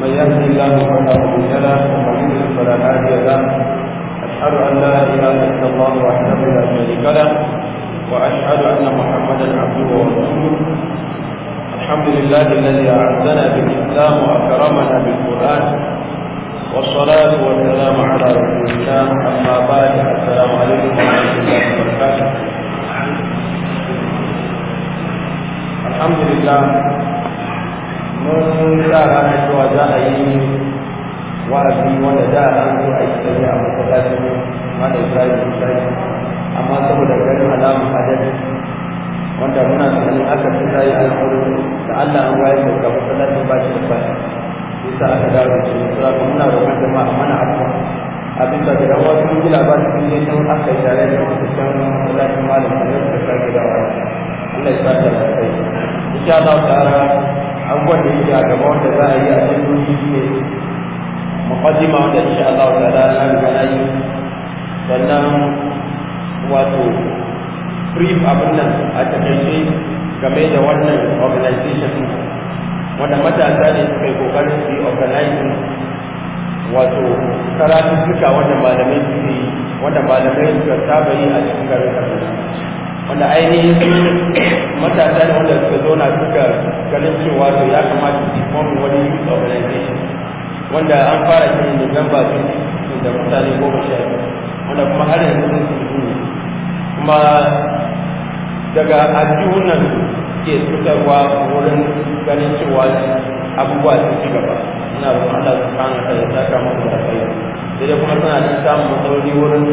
من يهد الله فلا مضل له ومن يضلل فلا هادي له أشهد أن لا إله إلا الله وحده لا شريك له وأشهد أن محمدا عبده ورسوله الحمد لله الذي أعزنا بالإسلام وأكرمنا بالقرآن والصلاة والسلام على رسول الله أما بعد السلام عليكم ورحمة الله وبركاته alhamdulillah mun sa ranar cewa za a yi wa'azi wanda da an zo a yi tsaye a masallacin mana ibrahim ibrahim amma saboda ganin alamun adadi wanda muna tunanin aka fi yi alƙawarin da allah an waye da masallacin ba shi da ba yasa aka dawo da shi Muna kuma muna roƙon jama'a mana afuwa abin da da wasu mun ba labarin sun yi nan aka yi tare da wasu can masallacin malam da suka sake dawowa Allah ya ba da kai insha Allah ta'ala an gwada yi a gaba wanda za a yi a cikin shi ne muqaddima wanda insha Allah ta'ala na riga na yi sannan wato brief abin nan a takaice game da wannan organization wanda matasa ne suka yi kokarin su yi organizing wato karatu duka wanda malamai suke yi wanda malamai suka saba yi a cikin garin wanda ainihin matasa ne wanda suka zauna suka ganin cewa to ya kamata su form wani youth organization wanda an fara shi ne November 20 da mutane goma sha biyu wanda kuma har yanzu sun su ne kuma daga ajiyun nan ke fitarwa wurin ganin cewa abubuwa sun ci gaba ina roƙon Allah subhanahu wa ta'ala ya saka mu da alheri sai dai kuma suna samun matsaloli wurin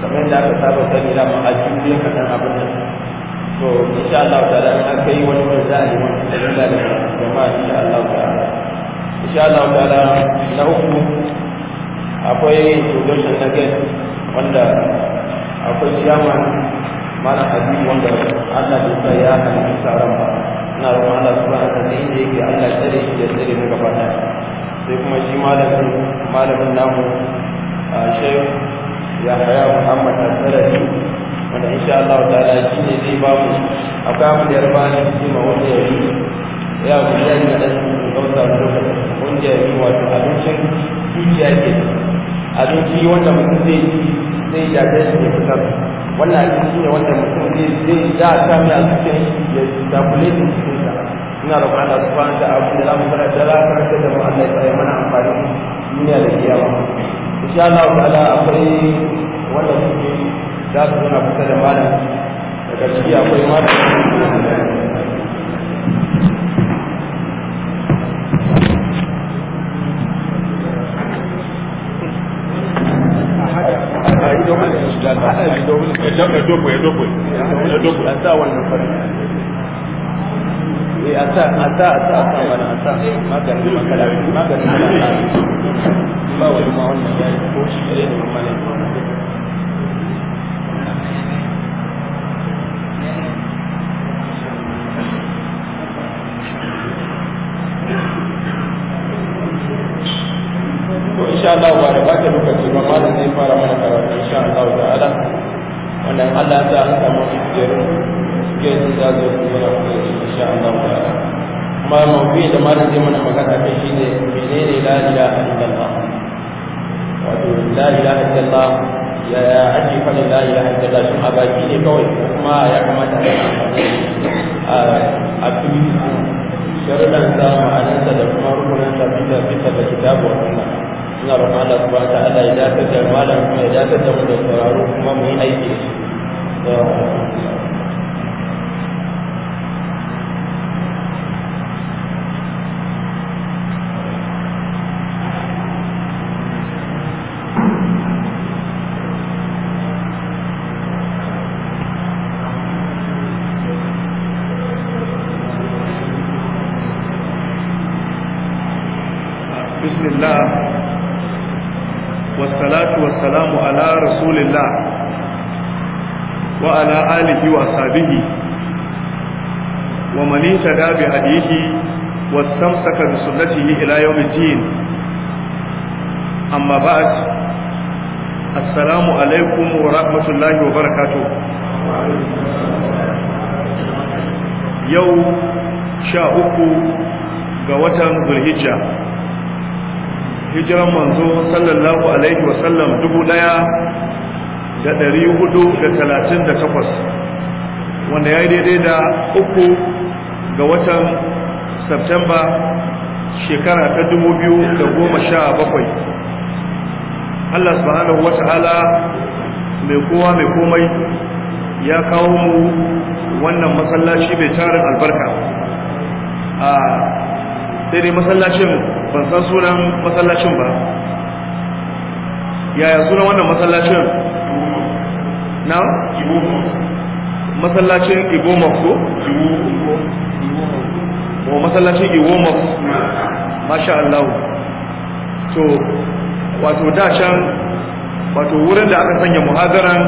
kamar yadda aka saba sani da mu a cikin kaɗan abin nan to insha Allah ta'ala in aka yi wani wani za a yi wani da da jama'a insha Allah ta'ala insha Allah ta'ala na uku akwai solution na wanda akwai chairman mana hadisi wanda Allah ya sa ya halitta tsaron ba ina ruwa Allah subhanahu wa ta'ala inda yake Allah tsare shi da tsare mu gaba ɗaya sai kuma shi malamin malamin namu a shehu ya haya muhammad al-sarari wanda insha Allah ta'ala shi ne zai ba mu akwai abu da ba ni shi ma wanda ya yi ya ku shi ne da kauta lokaci wanda ya yi wato abincin dukiya ke abinci wanda mutum zai ci zai ya ga shi ya fitar wannan abinci ne wanda mutum zai zai da ta mai alƙalin shi ya dakule shi cikin sa ina da Allah subhanahu wa da abin da za mu fara da za ka da mu Allah ya mana amfani duniya da kiyama insha Allah ta'ala akwai wanda suke za su kusa da malam da ciki akwai malam Ya dogo ya dogo ya dogo ya dogo ya a sa a sa a sa a sa a sa maganin makala maganin makala ba wani ma wannan ko shi ne da kuma ne إذا ila yawmiddin amma ba'd alaikum wa rahmatullahi wa barakatuh yau sha uku ga watan zulhijja hijiran manzo sallallahu alaihi wa sallam dubu daya da dari hudu da talatin da takwas wanda ya yi daidai da uku ga watan Septemba shekara ta dubu biyu da goma sha bakwai Allah subhanahu wa ta'ala mai kowa mai komai ya kawo mu wannan masallaci mai tarin albarka a sai dai masallacin ban san sunan masallacin ba yaya sunan wannan masallacin na masallacin ibomof ko? ibomof masallacin ibomof masha Allah to wato da can wato wurin da aka sanya muhazaran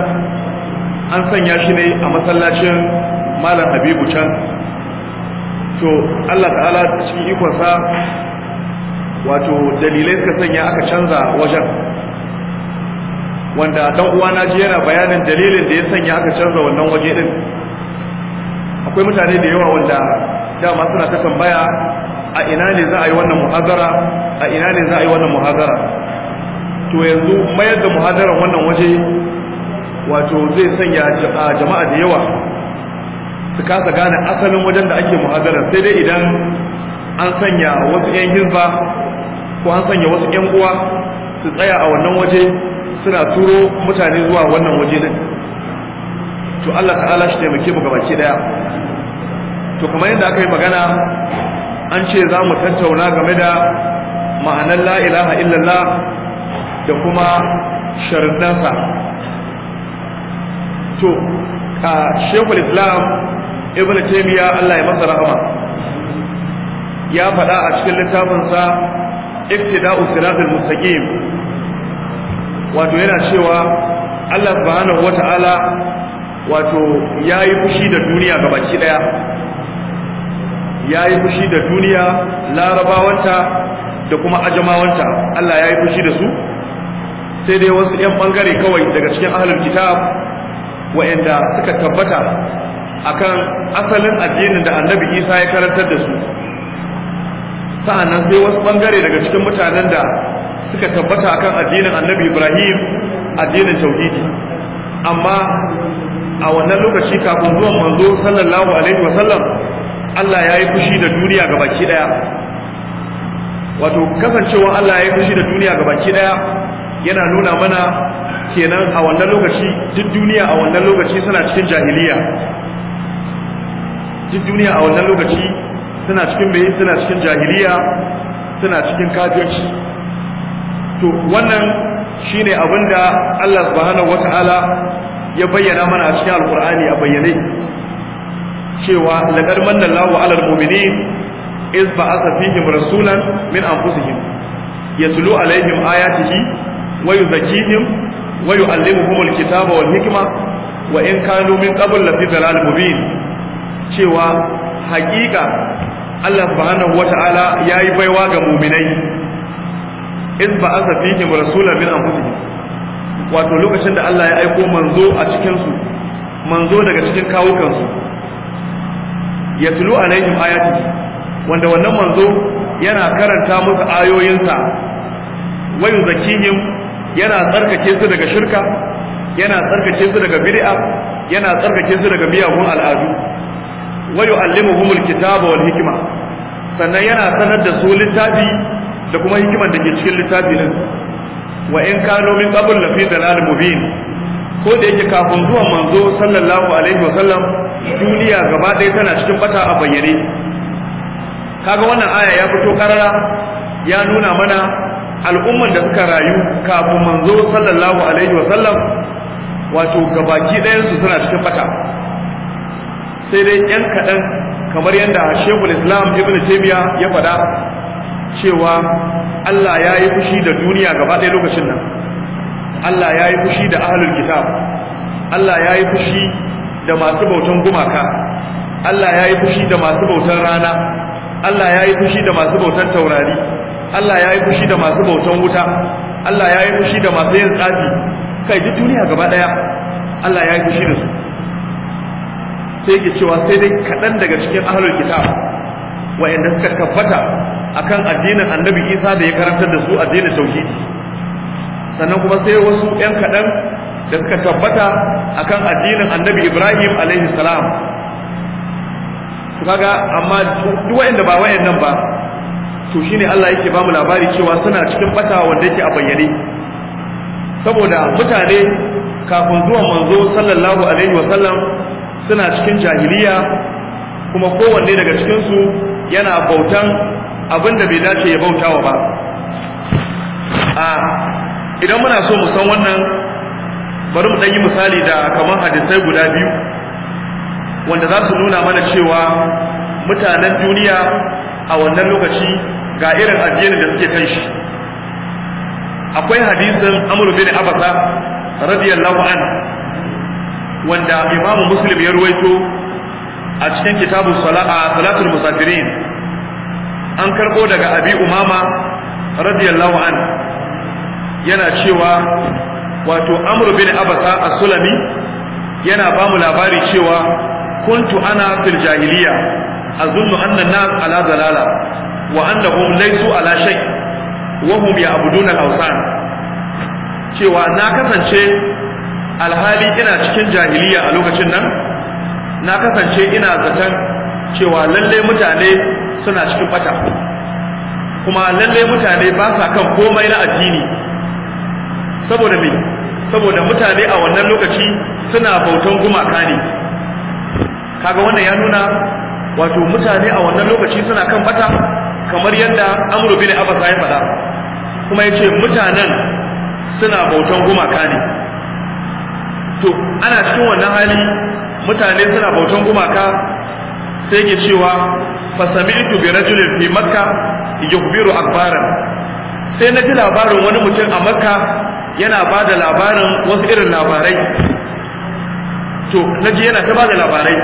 an sanya shi ne a masallacin malam habibu can to Allah ta'ala cikin ikonsa wato dalilai suka sanya aka canza wajen wanda dan uwana ji yana bayanin dalilin da ya sanya aka canza wannan waje din akwai mutane da yawa wanda dama suna ta tambaya a ina ne za a yi wannan muhazara a ina ne za a yi wannan muhazara to yanzu mayar da muhazara wannan waje wato zai sanya jama'a da yawa su kasa gane asalin wajen da ake muhazara sai dai idan an sanya wasu 'yan hizba ko an sanya wasu 'yan uwa su tsaya a wannan waje suna turo mutane zuwa wannan waje din to Allah ta'ala shi taimake mu gabaki daya to kamar yadda aka yi magana an ce za mu tattauna game da ma'anar la ilaha illallah da kuma sharuɗansa to a shekul islam ibn taymiya Allah ya masa rahama ya faɗa a cikin littafinsa iktida'u siratal mustaqim wato yana cewa Allah subhanahu wata'ala wato yayi fushi da duniya gabaki daya ya yi fushi da duniya larabawanta da kuma ajamawanta Allah ya yi fushi da su sai dai wasu 'yan bangare kawai daga cikin ahalin kitab wa'anda suka tabbata akan asalin addinin da annabi isa ya karantar da su sa'annan sai wasu bangare daga cikin mutanen da suka tabbata akan addinin annabi ibrahim addinin tauhidi amma a wannan lokaci kafin zuwan manzo sallallahu alaihi wasallam Allah ya yi fushi da duniya ga baki daya wato kasancewa Allah ya yi fushi da duniya ga baki daya yana nuna mana kenan a wannan lokaci duk duniya a wannan lokaci suna cikin jahiliya duk duniya a wannan lokaci suna cikin bai suna cikin jahiliya suna cikin kafirci to wannan shine abinda Allah subhanahu wataala ya bayyana mana a cikin alqur'ani a bayyane cewa laqad manna Allahu 'alal mu'minin iz ba'atha fihim rasulan min anfusihim yatlu 'alaihim ayatihi wa yuzakkihim wa yu'allimuhum al-kitaba wal hikma wa in kanu min qabl lafi dhalalin mubin cewa haƙiƙa Allah subhanahu wata'ala yayi baiwa ga mu'minai iz ba'atha fihim rasulan min anfusihim wato lokacin da Allah ya aiko manzo a cikin su manzo daga cikin kawukansu yatlu alaihim ayati wanda wannan manzo yana karanta musu ayoyinsa wa yuzakkihim yana tsarkake su daga shirka yana tsarkake su daga bid'a yana tsarkake su daga miyagun al'adu wa yu'allimuhumul kitaba wal hikma sannan yana sanar da su littafi da kuma hikimar da ke cikin littafi din wa in kanu min qabl lafi dalal mubin ko da yake kafin zuwan manzo sallallahu alaihi wa sallam duniya gaba ɗaya tana cikin bata a bayyane kaga wannan aya ya fito karara ya nuna mana al'umman da suka rayu kafin manzo sallallahu alaihi wa sallam wato gabaki ɗayan su suna cikin bata sai dai yan kaɗan kamar yadda shekul islam ibn taymiya ya faɗa cewa Allah ya yi fushi da duniya gaba ɗaya lokacin nan Allah ya yi fushi da ahlul kitab Allah ya yi fushi da masu bautan gumaka Allah ya yi fushi da masu bautan rana Allah ya yi fushi da masu bautan taurari Allah ya yi fushi da masu bautan wuta Allah ya yi fushi da masu yin tsafi kai duk duniya gaba daya Allah ya yi fushi da su sai ke cewa sai dai kaɗan daga cikin ahlul kitab wa'anda suka tabbata akan addinin annabi isa da ya karantar da su addinin tauhidi sannan kuma sai wasu 'yan kaɗan da suka tabbata akan addinin annabi ibrahim alaihi salam kaga amma duk wanda ba nan ba to shine Allah yake ba mu labari cewa suna cikin bata wanda yake a bayyane saboda mutane kafin zuwan manzo sallallahu alaihi wa sallam suna cikin jahiliya kuma kowanne daga cikin su yana bautan abinda bai dace ya bautawa ba a idan muna so mu san wannan bari mu ɗan yi misali da kamar hadisai guda biyu wanda za su nuna mana cewa mutanen duniya a wannan lokaci ga irin addinin da suke kan shi akwai hadisin amr bin abasa radiyallahu an wanda imamu muslim ya ruwaito a cikin kitabu salatul musafirin an karɓo daga abi umama radiyallahu an yana cewa wato amru bin abasa as-sulami yana ba mu labari cewa kuntu ana fil jahiliya azunnu anna nas ala zalala wa annahum laysu ala shay wa hum ya'buduna al awthan cewa na kasance alhali ina cikin jahiliya a lokacin nan na kasance ina zaton cewa lalle mutane suna cikin bata kuma lalle mutane ba sa kan komai na addini saboda me saboda mutane a wannan lokaci suna bautan gumaka ne kaga wannan ya nuna wato mutane a wannan lokaci suna kan bata kamar yadda amru bin abasa ya faɗa kuma yace mutanen suna bautan gumaka ne to ana cikin wannan hali mutane suna bautan gumaka sai ke cewa fasami'tu bi rajulin fi makka yukhbiru akbaran sai na ji labarin wani mutum a makka yana ba da labarin wasu irin labarai to na ji yana ta ba da labarai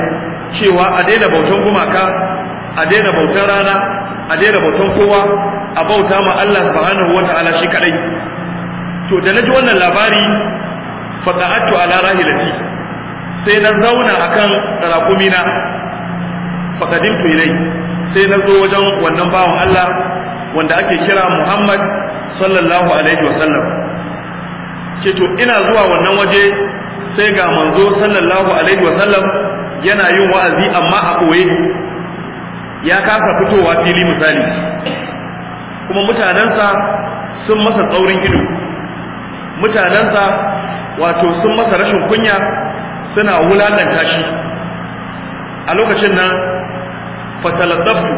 cewa a daina bautan gumaka a daina bautan rana a daina bautan kowa a bauta ma Allah subhanahu wa ta'ala shi kadai to da na wannan labari fata'attu ala rahilati sai na zauna akan fa kadimtu ilai sai na zo wajen wannan bawan Allah wanda ake kira Muhammad sallallahu alaihi wa ce to ina zuwa wannan waje sai ga manzo sallallahu alaihi wasallam yana yin wa'azi amma a koye ya kasa fitowa fili misali kuma mutanensa sun masa tsaurin ido mutanensa wato sun masa rashin kunya suna wulaƙanta shi a lokacin nan fatalazzabtu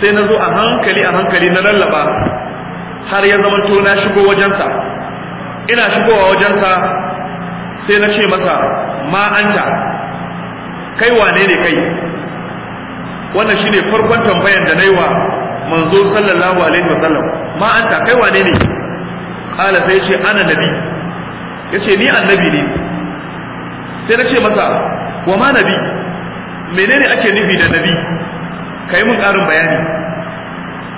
sai na zo a hankali a hankali na lallaba har ya zama to na shigo wajensa ina shigowa wajensa sai na ce masa ma anta kai wane ne kai wannan shine farkon tambayan da nayi wa manzo sallallahu alaihi sallam ma anta kai wane ne kala sai ce ana nabi yace ni annabi ne sai na ce masa wa ma nabi menene ake nufi da nabi kai mun karin bayani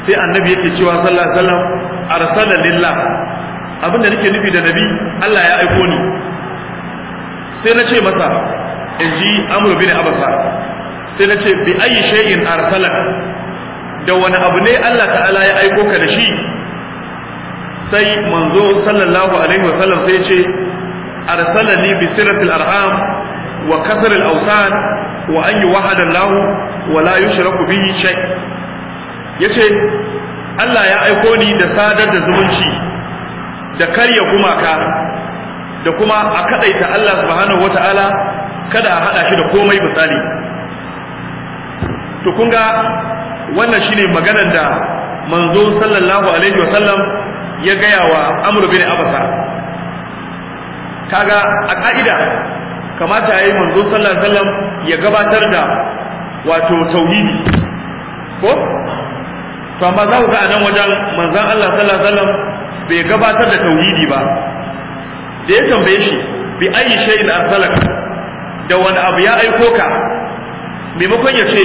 sai annabi yake cewa sallallahu alaihi wasallam arsala lillah abin da nake nufi da nabi Allah ya aiko ni sai na ce masa in ji amr bin abasa sai na ce bi ayi shay'in arsalak da wani abu ne Allah ta'ala ya aiko ka da shi sai manzo sallallahu alaihi wa sallam sai ce arsalani bi siratil arham wa kasr al awsan wa an yuwahhada Allah wa la yushraku bihi shay yace Allah ya aiko ni da sadar da zumunci da karya ka, da kuma a kadaita Allah subhanahu wata'ala kada a hada shi da komai misali to kun ga wannan shine maganar da manzo sallallahu alaihi wa sallam ya gaya wa Amr bin Abasa kaga a ka'ida kamata yayi manzo sallallahu alaihi wa sallam ya gabatar da wato tauhidi ko to amma za ku ga a nan wajen manzon Allah sallallahu alaihi wa sallam bai gabatar da tauhidi ba da ya tambaye shi bi ayi shay'in arsalak da wani abu ya aiko ka maimakon ya ce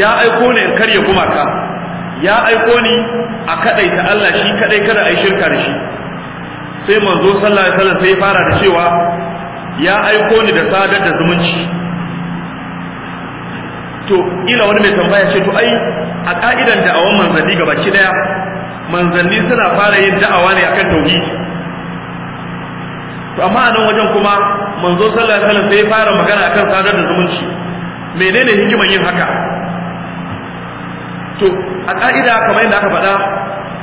ya aiko ni in karya gumaka ya aiko ni a ta Allah shi kadai kada ai shirka da shi sai manzo sallallahu alaihi wasallam sai fara da cewa ya aiko ni da sadar da zumunci to ila wani mai tambaya ce to ai a ka'idan da wannan manzanni gaba ki daya manzanni suna fara yin da'awa ne akan tauhidi to amma a nan wajen kuma manzo sallallahu alaihi wasallam sai fara magana akan sadar da zumunci menene hikimar yin haka to a ka'ida kamar yadda aka faɗa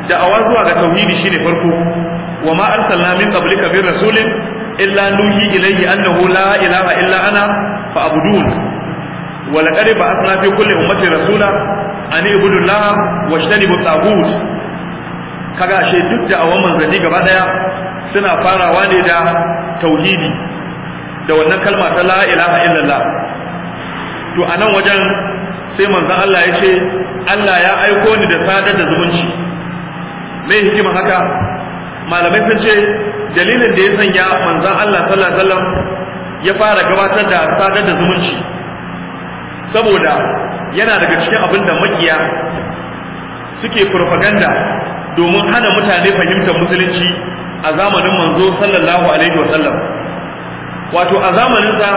da'awa zuwa ga tauhidi shine farko wa ma arsalna min qablika min rasulin illa nuhi ilayhi annahu la ilaha illa ana fa'budun wa laqad ba'athna fi kulli ummatin rasula an ibudu llaha wajtanibu taghut kaga ashe duk da awan manzanni gaba daya suna farawa ne da tauhidi da wannan kalma ta la ilaha illallah to a nan wajen sai manzan Allah ya ce Allah ya aiko ni da sadar da zumunci me hikima haka malamai sun ce dalilin da ya sanya manzan Allah sallallahu alaihi wasallam ya fara gabatar da sadar da zumunci saboda yana daga cikin abin da makiya suke propaganda domin hana mutane fahimtar musulunci a zamanin manzo sallallahu alaihi wa sallam wato a zamanin sa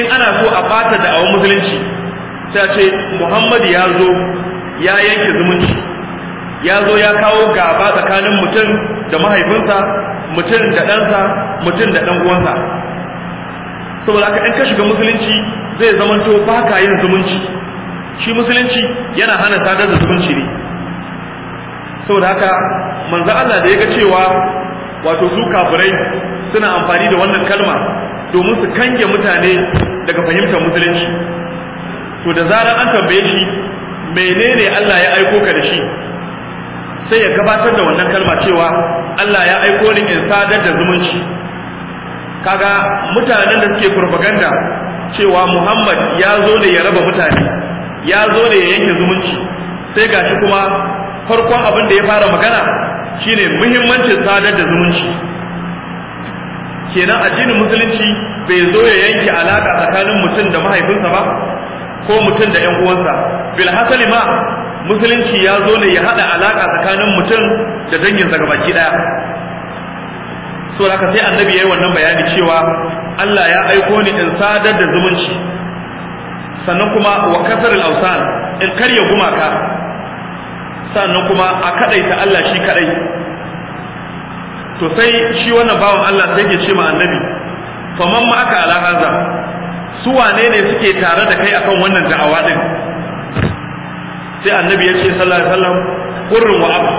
in ana so a fata da awon musulunci sai ce Muhammad ya zo ya yanke zumunci ya zo ya kawo gaba tsakanin mutum da mahaifinsa mutum da ɗansa mutum da ɗan uwansa saboda ka in ka shiga musulunci zai zamanto ba ka yin zumunci shi musulunci yana hana sadar da zumunci ne saboda haka manzo Allah da yaga cewa wato su kafirai suna amfani da wannan kalma domin su kange mutane daga fahimtar musulunci to da zarar an tambaye shi menene Allah ya aiko ka da shi sai ya gabatar da wannan kalma cewa Allah ya aiko ni in sadar da zumunci kaga mutanen da suke propaganda cewa Muhammad ya zo ne ya raba mutane ya zo ne ya yanke zumunci sai gashi kuma farkon abin da ya fara magana shine muhimmancin sadar da zumunci kenan addinin musulunci bai zo ya yanke alaka tsakanin mutum da mahaifinsa ba ko mutum da 'yan uwansa bil ma musulunci ya zo ne ya haɗa alaka tsakanin mutum da danginsa gabaki daya so haka sai annabi yi wannan bayani cewa Allah ya aiko ni in sadar da zumunci sannan kuma wa kasar al in karya gumaka sannan kuma a kadaita Allah shi kadai to sai shi wannan bawan Allah sai ke ce ma annabi man ma aka ala haza su wane ne suke tare da kai akan wannan da'awa din sai annabi ya ce sallallahu alaihi wasallam qurrun wa abu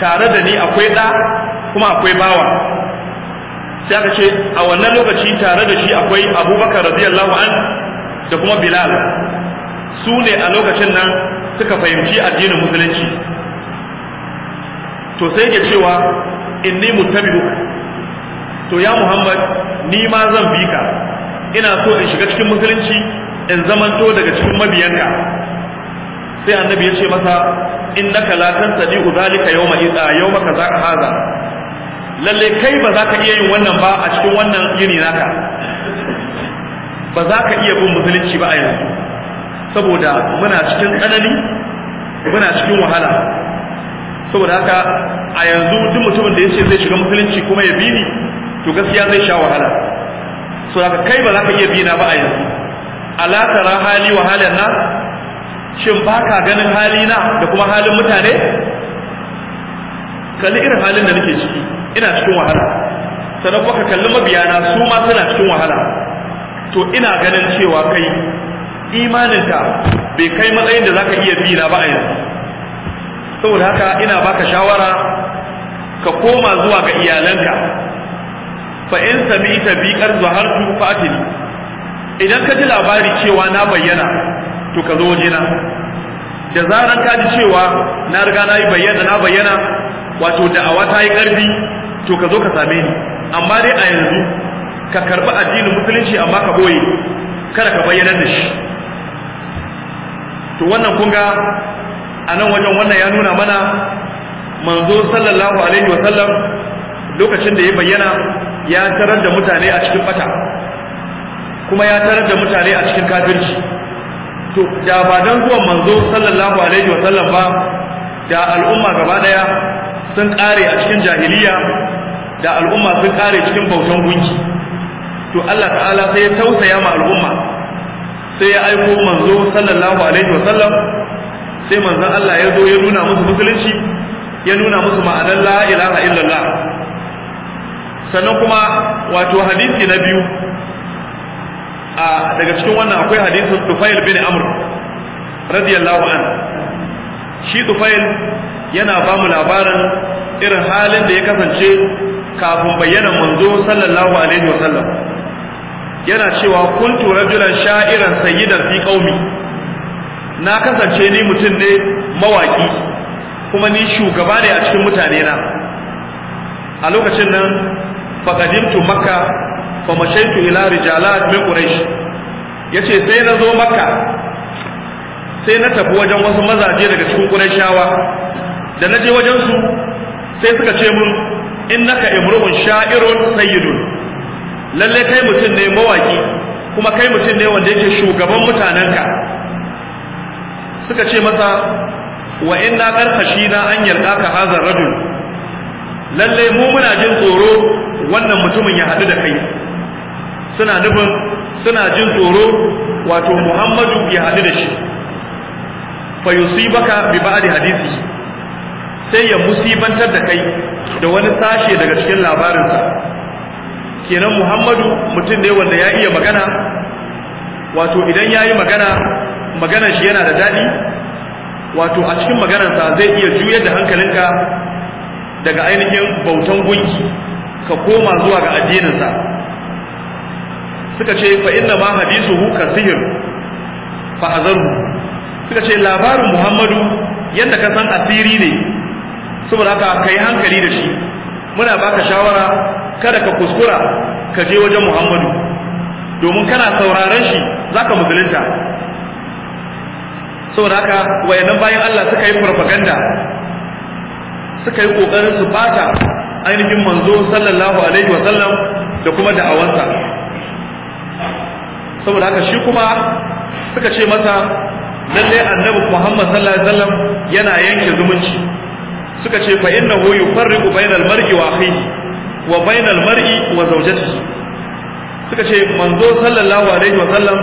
tare da ni akwai da kuma akwai bawa sai aka ce a wannan lokaci tare da shi akwai abubakar radiyallahu an da kuma bilal su ne a lokacin nan suka fahimci addinin musulunci to sai ya cewa inni mutabi'uka to ya Muhammad ni ma zan bi ka ina so in shiga cikin musulunci in zamanto daga cikin mabiyanka sai annabi ya ce masa innaka la tansadiqu zalika yawma idha yawma kaza haza lalle kai ba za ka iya yin wannan ba a cikin wannan yini naka ba za ka iya bin musulunci ba a yanzu saboda muna cikin tsanani muna cikin wahala saboda haka a yanzu duk mutumin da ce zai shiga musulunci kuma ya bi ni to gaskiya zai sha wahala so haka kai ba za ka iya bina ba a yanzu ala tara hali wa na shin ba ka ganin hali na da kuma halin mutane kalli irin halin da nake ciki ina cikin wahala sannan kuma ka kalli mabiyana su ma suna cikin wahala to ina ganin cewa kai imaninta bai kai matsayin da zaka iya bi na ba a yanzu saboda haka ina baka shawara ka koma zuwa ga iyalanka fa in sami'ta bi qad fa atini idan ka ji labari cewa na bayyana to ka zo wajena da zaran ka ji cewa na riga na yi bayyana na bayyana wato da'awa ta yi karfi to ka zo ka same ni amma dai a yanzu ka karɓi addinin musulunci amma ka boye kada ka bayyana da shi to wannan kun ga a nan wajen wannan ya nuna mana manzo sallallahu alaihi wasallam lokacin da ya bayyana ya tarar da mutane a cikin bata kuma ya tarar da mutane a cikin kafirci to da ba dan zuwan manzo sallallahu alaihi wasallam ba da al'umma gaba daya sun kare a cikin jahiliya da al'umma sun kare cikin bautan gunki to Allah ta'ala sai ya tausaya ma al'umma sai ya aiko manzo sallallahu alaihi wa sallam sai manzo Allah ya zo ya nuna musu musulunci ya nuna musu ma'anar la ilaha illallah sannan kuma wato hadisi na biyu a daga cikin wannan akwai hadisin Tufail bin Amr radiyallahu an shi Tufail yana ba mu labarin irin halin da ya kasance kafin bayyana manzo sallallahu alaihi wa sallam yana cewa kuntu rajulan sha'iran sayyidan fi qaumi na kasance ni mutum ne mawaki kuma ni shugaba ne a cikin mutane na a lokacin nan faqadimtu makka fa mashaytu ila rijalat min quraish yace sai na zo makka sai na tafi wajen wasu mazaje daga cikin qurayshawa da na je wajen su sai suka ce mun innaka imru'un sha'irun sayyidun Lallai kai mutum ne mawaki kuma kai mutum ne wanda yake shugaban mutanenka suka ce masa wa inna karkashi na an ka hazar rajul Lallai mu muna jin tsoro wannan mutumin ya haɗu da kai suna nufin suna jin tsoro wato Muhammadu ya haɗu da shi fa yusibaka bi ba'di hadisi sai ya musibantar da kai da wani sashe daga cikin labarinsa kenan muhammadu mutum ne wanda ya iya magana wato idan ya yi magana maganar shi yana da daɗi wato a cikin maganarsa zai iya juyar da hankalinka daga ainihin bautan gunki ka koma zuwa ga addininsa suka ce fa inna ma hadisuhu ka sihir fa azaru suka ce labarin muhammadu yadda ka san asiri ne saboda haka kai hankali da shi muna baka shawara kada ka kuskura ka je wajen Muhammadu domin kana sauraron shi za zaka musulunta saboda haka wayannan bayan Allah suka yi farfaganda, suka yi kokarin su bata ainihin manzo sallallahu alaihi wa sallam da kuma da'awansa saboda haka shi kuma suka ce masa lalle annabi Muhammad sallallahu alaihi wasallam yana yanke zumunci suka ce fa innahu yufarriqu bainal mar'i wa akhihi wa bainal mar'i wa zawjatihi suka ce manzo sallallahu alaihi wa sallam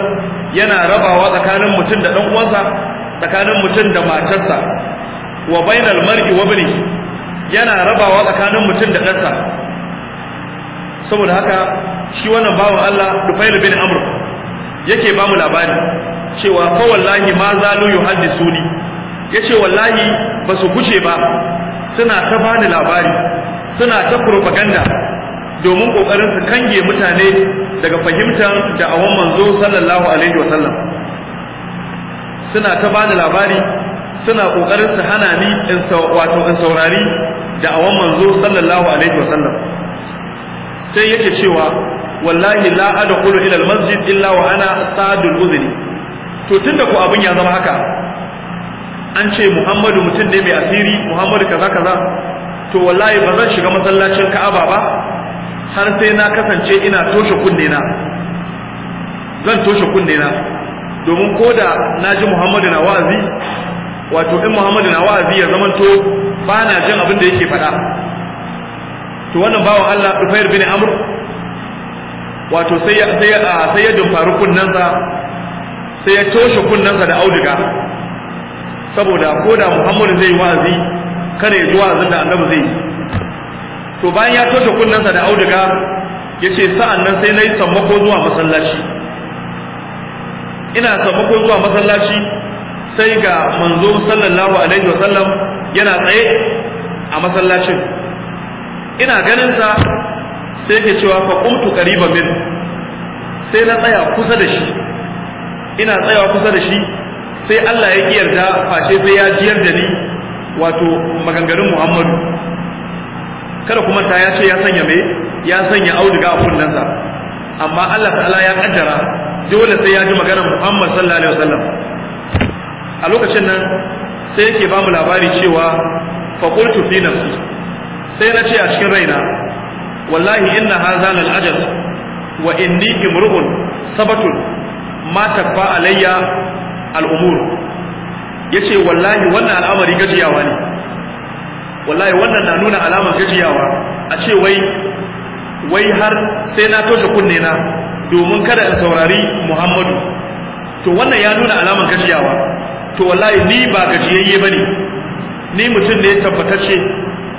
yana rabawa tsakanin mutum da dan uwansa tsakanin mutum da matarsa wa bainal mar'i wa bani yana rabawa tsakanin mutum da ɗansa saboda haka shi wannan bawan Allah Dufail bin Amr yake ba mu labari cewa fa wallahi ma zalu yuhaddisuni yace wallahi ba su gushe ba suna ta bani labari suna ta propaganda domin kokarin su kange mutane daga fahimtar da'awan manzo sallallahu alaihi wa sallam suna ta da labari suna kokarin su hana ni in wato in saurari da'awan manzo sallallahu alaihi wa sallam sai yake cewa wallahi la adkhulu ila almasjid illa wa ana sadul udhni to tunda ko abin ya zama haka an ce Muhammadu mutum ne mai asiri Muhammadu kaza kaza to wallahi ba zan shiga masallacin ka'aba ba har sai na kasance ina toshe kunne na zan toshe kunne na domin ko da na ji muhammadu na wa'azi wato in muhammadu na wa'azi ya to ba na jin abin da yake faɗa to wannan bawan allah ɗufayar bin amur wato sai ya sai ya dumfari kunnensa sai ya toshe kunnensa da auduga saboda ko da muhammadu zai wa'azi kare zuwa ji da annabi zai yi to bayan ya toshe kunnensa da auduga ya ce sa'an nan sai na yi sammako zuwa masallaci ina sammako zuwa masallaci sai ga manzo sallallahu alaihi wasallam yana tsaye a masallacin ina ganin sa sai ke cewa fa qumtu qariban min sai na tsaya kusa da shi ina tsayawa kusa da shi sai Allah ya kiyarta face sai ya jiyar da ni wato maganganun muhammadu kada kuma ta ya ce ya sanya mai ya sanya auduga a kullansa, amma allah ta'ala ya kaddara dole sai ya ji magana muhammad sallallahu alaihi wasallam a lokacin nan sai yake ba mu labari cewa faƙultu fi nafsi sai na ce a cikin raina wallahi inna hadha lal ajal wa inni imru'un sabatun ma tabba alayya al umur Ya ce wallahi wannan al'amari gajiyawa ne wallahi wannan na nuna alamar gajiyawa a ce wai wai har sai na toshe kunne na domin kada in saurari Muhammadu to wannan ya nuna alamar gajiyawa to wallahi ni ba gajiyayye ba ne. ni mutum ne tabbatacce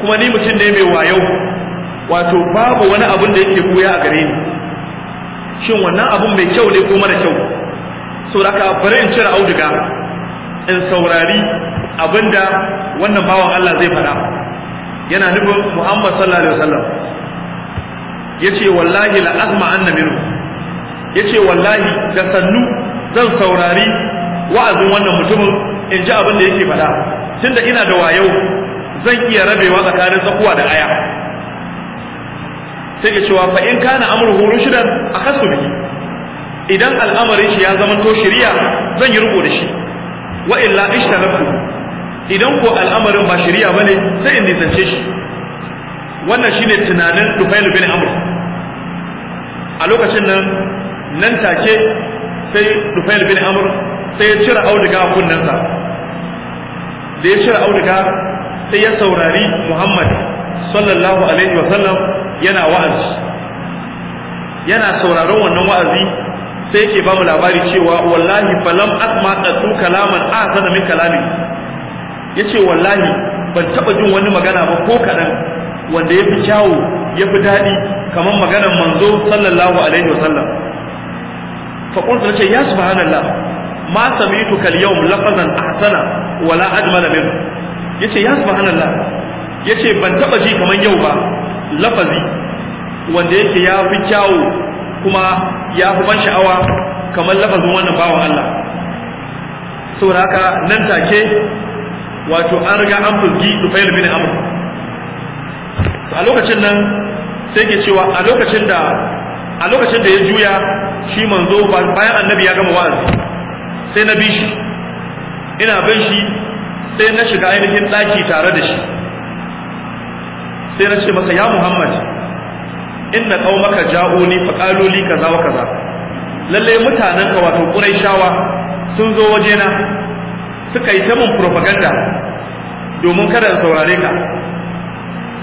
kuma ni mutum ne mai wayau wato babu wani abun da yake koya a gare ni shin wannan abun mai kyau ne ko mara kyau so da ka bari in cire auduga in saurari abinda wannan bawan Allah zai faɗa yana nufin Muhammad sallallahu alaihi wasallam yace wallahi la azma anna minhu yace wallahi da sannu zan saurari wa'azin wannan mutumin in ji abin da yake faɗa tunda ina da wayo zan iya rabewa tsakanin tsakuwa da aya sai ka cewa fa in kana amruhu rushdan akasu bihi idan al'amarin shi ya zama to shari'a zan yi rubo da shi wa illa ishtarabtu idan ko al'amarin ba shari'a bane sai in nisance shi wannan shine tunanin Tufailu bin Amr a lokacin nan nan take sai Tufailu bin Amr sai ya cire auduga a kunnensa da ya cire auduga sai ya saurari Muhammad sallallahu alaihi wa sallam yana wa'azi yana sauraron wannan wa'azi sai yake ba mu labari cewa wallahi falam asma qaddu kalaman ahsana min kalami yace wallahi ban taɓa jin wani magana ba ko kadan wanda ya fi kyawu ya yafi dadi kamar maganar manzo sallallahu alaihi wa wasallam fa qultu nace ya subhanallah ma sami'tu kal yawm lafazan ahsana wala ajmala min yace ya subhanallah yace ban taɓa ji kamar yau ba lafazi wanda yake ya fi kyawu kuma ya fi ban sha'awa kamar lafazin wannan bawan Allah saboda haka nan take wato an riga an fulgi Nufayl bin Amr a lokacin nan sai ke cewa a lokacin da a lokacin da ya juya shi manzo bayan annabi ya gama wa'azi sai na bi shi ina bin shi sai na shiga ainihin ɗaki tare da shi sai na ce masa ya Muhammad inna qaumaka ja'uni fa qalu li kaza wa kaza lalle mutanen ka wato quraishawa sun zo wajena suka yi ta mun propaganda domin kada in saurare ka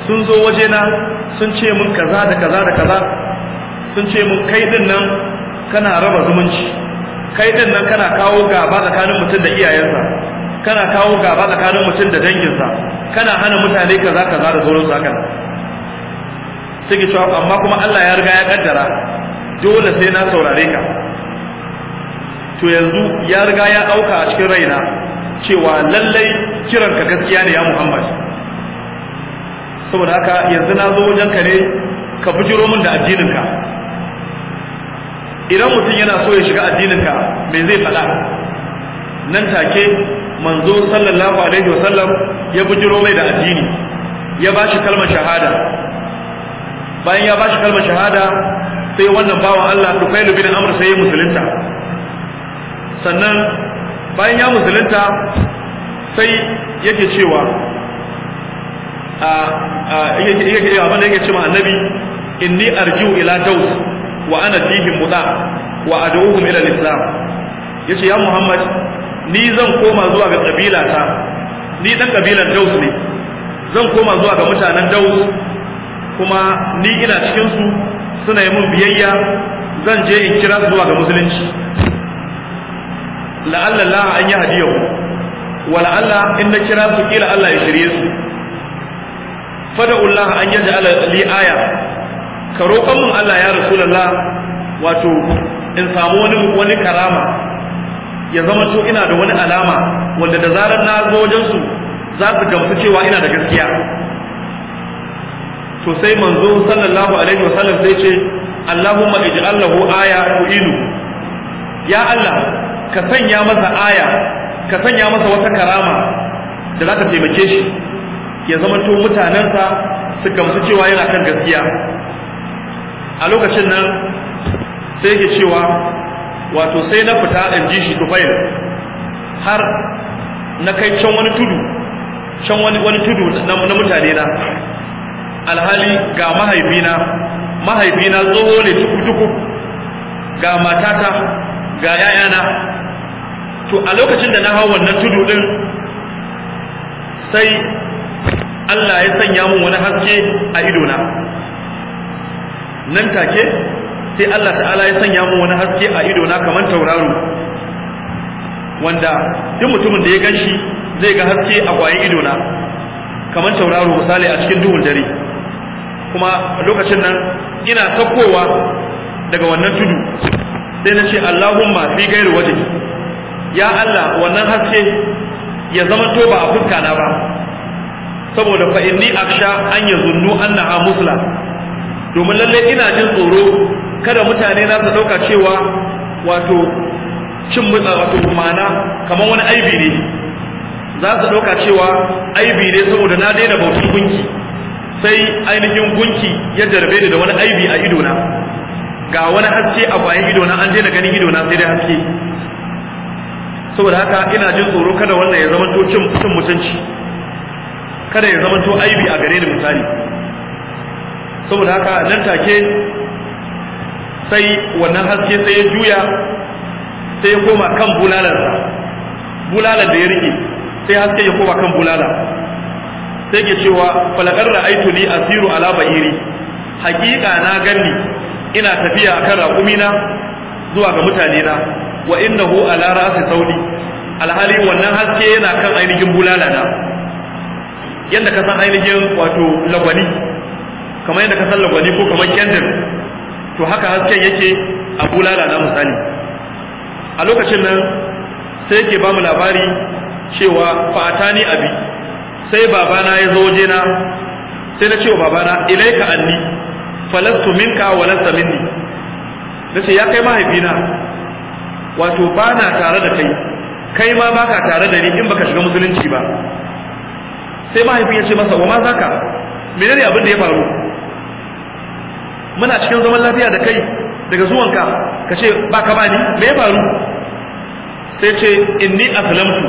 sun zo wajena sun ce mun kaza da kaza da kaza sun ce mun kai din nan kana raba zumunci kai din nan kana kawo gaba tsakanin mutum da iyayensa kana kawo gaba tsakanin mutum da danginsa kana hana mutane kaza kaza da sauransu haka take cewa amma kuma Allah ya riga ya kaddara dole sai na saurare ka to yanzu ya riga ya dauka a cikin raina cewa lallai kiranka gaskiya ne ya Muhammad saboda haka yanzu na zo wajen ka ne ka bujiro min da addininka idan mutum yana so ya shiga addininka me zai faɗa nan take manzo sallallahu alaihi wasallam ya bujiro mai da addini ya ba shi kalmar shahada bayan ya bashi kalmar shahada sai wannan bawan Allah kai lubin Amr sai ya musulunta sannan bayan ya musulunta sai yake cewa a yake abin da yake cewa annabi inni arju ila daus wa ana fihi muda wa ad'uhum ila al-islam yace ya Muhammad ni zan koma zuwa ga kabila ta ni dan kabilar daus ne zan koma zuwa ga mutanen daus kuma ni ina cikin su suna yi mun biyayya zan je in kira su zuwa ga musulunci la'alla la an yi hadiyahu wa la'alla in na kira su kila Allah ya shirye su fada'ullah an yaj'ala li aya ka roƙon mun Allah ya rasulullah wato in samu wani wani karama ya zama to ina da wani alama wanda da zarar na zo wajen su za su gamsu cewa ina da gaskiya to sai manzo sallallahu alaihi wasallam zai ce Allahumma ij'al lahu aya tu'inu ya Allah ka sanya masa aya ka sanya masa wata karama da za ta taimake shi ya zama to mutanensa su gamsu cewa yana kan gaskiya a lokacin nan sai ke cewa wato sai na fita in ji shi tufail har na kai can wani tudu can wani tudu na mutane na alhali ga mahaifina mahaifina tsoho ne tukutuku ga matata ga ‘ya'yana to a lokacin da na hau wannan tudu ɗin sai Allah ya sanya mun wani haske a idona nan take sai Allah ta'ala ya sanya mun wani haske a idona kamar tauraro wanda duk mutumin da ya gan shi zai ga haske a kwayan idona kamar tauraro misali a cikin duhun dare kuma lokacin nan ina sakowa daga wannan tudu sai na ce Allahumma fi gairu waje ya Allah wannan haske ya zama to ba a fuska na ba saboda fa inni aksha an yazunnu annaha musla domin lalle ina jin tsoro kada mutane na su dauka cewa wato cin mutsa wato mana kamar wani aibi ne za su dauka cewa aibi ne saboda na daina bautar gunki sai ainihin gunki ya jarbe ni da wani aibi a idona ga wani haske a bayan idona an daina ganin idona sai dai haske saboda haka ina jin tsoro kada wannan ya zama to cin mutunci kada ya zama to aibi a gare ni misali saboda haka nan take sai wannan haske sai ya juya sai ya koma kan bulalarsa bulalar da ya rike sai haske ya koma kan bulala sai ke cewa falakar ra'aitu li asiru ala ba'iri hakika na ganni ina tafiya akan raƙumina zuwa ga mutane na wa innahu ala ra'si saudi alhali wannan haske yana kan ainihin bulala na yanda ka san ainihin wato lagwani kamar yanda ka san lagwani ko kamar kendir to haka hasken yake a bulala na misali a lokacin nan sai yake ba mu labari cewa ni abi sai babana ya zo jina sai na ce wa babana ilaika anni falastu minka wa lasta minni nace ya kai mahaifina wato bana tare da kai kai ma ba ka tare da ni in baka shiga musulunci ba sai mahaifin ya ce masa wa ma zaka menene abin da ya faru muna cikin zaman lafiya da kai daga zuwanka ka ce ka ba ni me ya faru sai ce inni aslamtu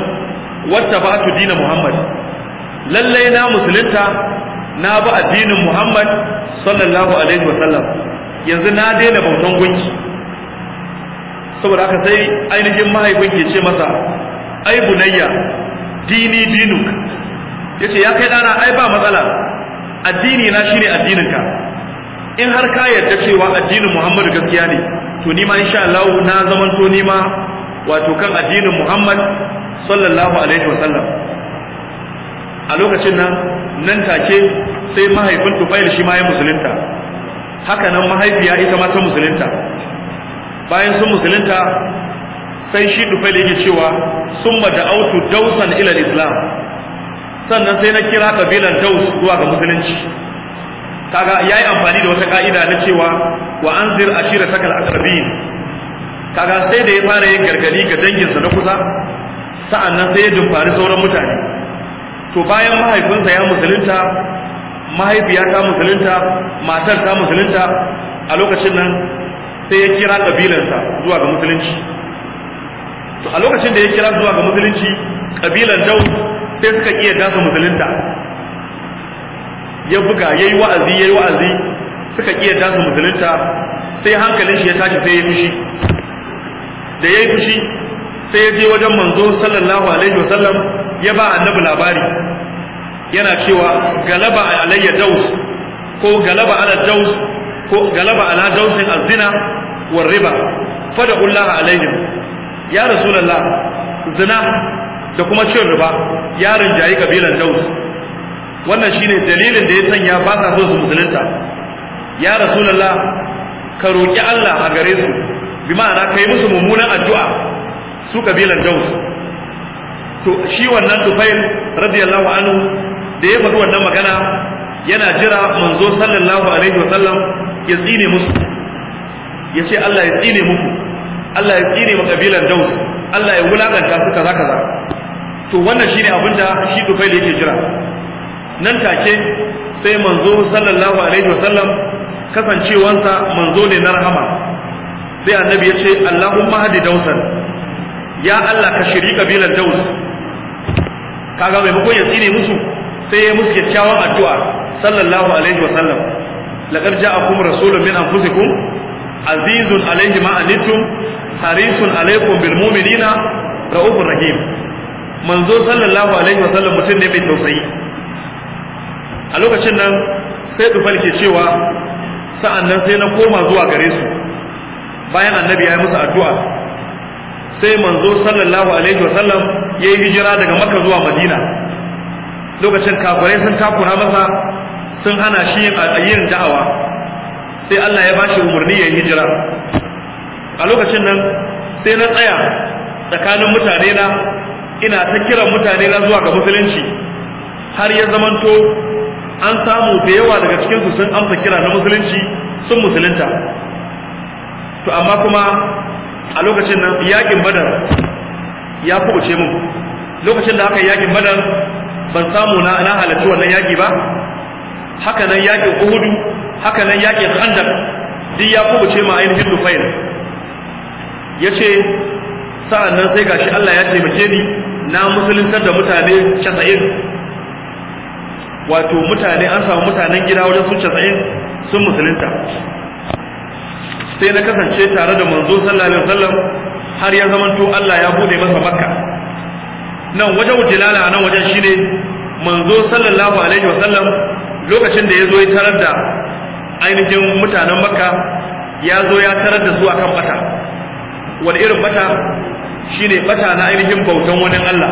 wattaba'tu dina muhammad lallai na musulunta na bi addinin Muhammad sallallahu alaihi wasallam yanzu na daina bautan gunki saboda haka sai ainihin mahaifin ke ce masa ai bunayya dini dinuk yace ya kai dana ai ba matsala addini na shine addininka in har ka yarda cewa addinin Muhammad gaskiya ne to ni ma insha Allah na zamanto ni ma wato kan addinin Muhammad sallallahu alaihi wasallam a lokacin nan nan take sai mahaifin tufail shi ma ya musulunta haka nan mahaifiya ita ma ta musulunta bayan sun musulunta sai shi tufail yake cewa sun da autu dausan ilal islam sannan sai na kira kabilar daus zuwa ga musulunci kaga yayi amfani da wata ka'ida na cewa wa anzir ashiratakal aqrabin kaga sai da ya fara yin gargadi ga danginsa na kusa sa'annan sai ya dumfari sauran mutane to bayan mahaifinsa ya musulunta mahaifiya ta musulunta matar ta musulunta a lokacin nan sai ya kira kabilansa zuwa ga musulunci to a lokacin da ya kira zuwa ga musulunci kabilan dau sai suka iya gasa musulunta ya buga ya yi wa'azi ya yi wa'azi suka iya gasa musulunta sai hankalin shi ya tashi sai ya fushi da ya yi fushi sai ya je wajen manzo sallallahu alaihi wasallam ya ba annabi labari yana cewa galaba alayya daus ko galaba ala daus ko galaba ala dausin azina war riba fada'ullaha alayhim ya rasulullah zina da kuma cin riba ya rinjayi kabilan daus wannan shine dalilin da ya sanya ba sa son su musulunta ya rasulullah ka roki Allah a gare su bi ma'ana kai musu mummunan addu'a su kabilan daus to shi wannan tufail radiyallahu anhu da ya faɗi wannan magana yana jira manzo sallallahu alaihi wa sallam ya tsine musu ya ce Allah ya tsine muku Allah ya tsine wa kabilan daus Allah ya wulakanta su kaza kaza to wannan shine abinda shi tufail yake jira nan take sai manzo sallallahu alaihi wa sallam kasancewansa manzo ne na rahama sai annabi ya ce Allahumma hadi dausan ya Allah ka shiri kabilar Daud kaga mai hukun ya tsine musu sai ya musu kyakkyawan addu'a sallallahu alaihi wa sallam laqad ja'akum rasulun min anfusikum azizun alaihi ma anitum harisun alaikum bil mu'minina raufur rahim manzo sallallahu alaihi wa sallam mutum ne mai tausayi a lokacin nan sai dufal ke cewa sa'an nan sai na koma zuwa gare su bayan annabi ya yi musu addu'a sai manzo sallallahu alaihi wa sallam ya hijira daga makka zuwa madina lokacin kafirai sun takura masa sun hana shi yin da'awa sai Allah ya bashi umarni yayi yi hijira a lokacin nan sai na tsaya tsakanin mutane na ina ta kiran mutane na zuwa ga musulunci har ya zamanto an samu da yawa daga cikin su sun amsa kira na musulunci sun musulunta to amma kuma a lokacin nan yakin badar ya kubuce mun lokacin da aka yi yakin badar ban samu na na halarci wannan yaki ba haka nan yakin uhudu haka nan yakin khandaq duk ya kubuce ma ainihin dufail yace sa'an nan sai gashi Allah ya taimake ni na musulunta da mutane 90 wato mutane an samu mutanen gida wajen su 90 sun musulunta sai na kasance tare da manzo sallallahu alaihi wasallam har ya zamanto Allah ya bude masa makka nan wajen jilala nan wajen shine manzo sallallahu alaihi wasallam lokacin da ya zo ya tarar da ainihin mutanen makka ya zo ya tarar da su akan bata wani irin bata shine bata na ainihin bautan wani Allah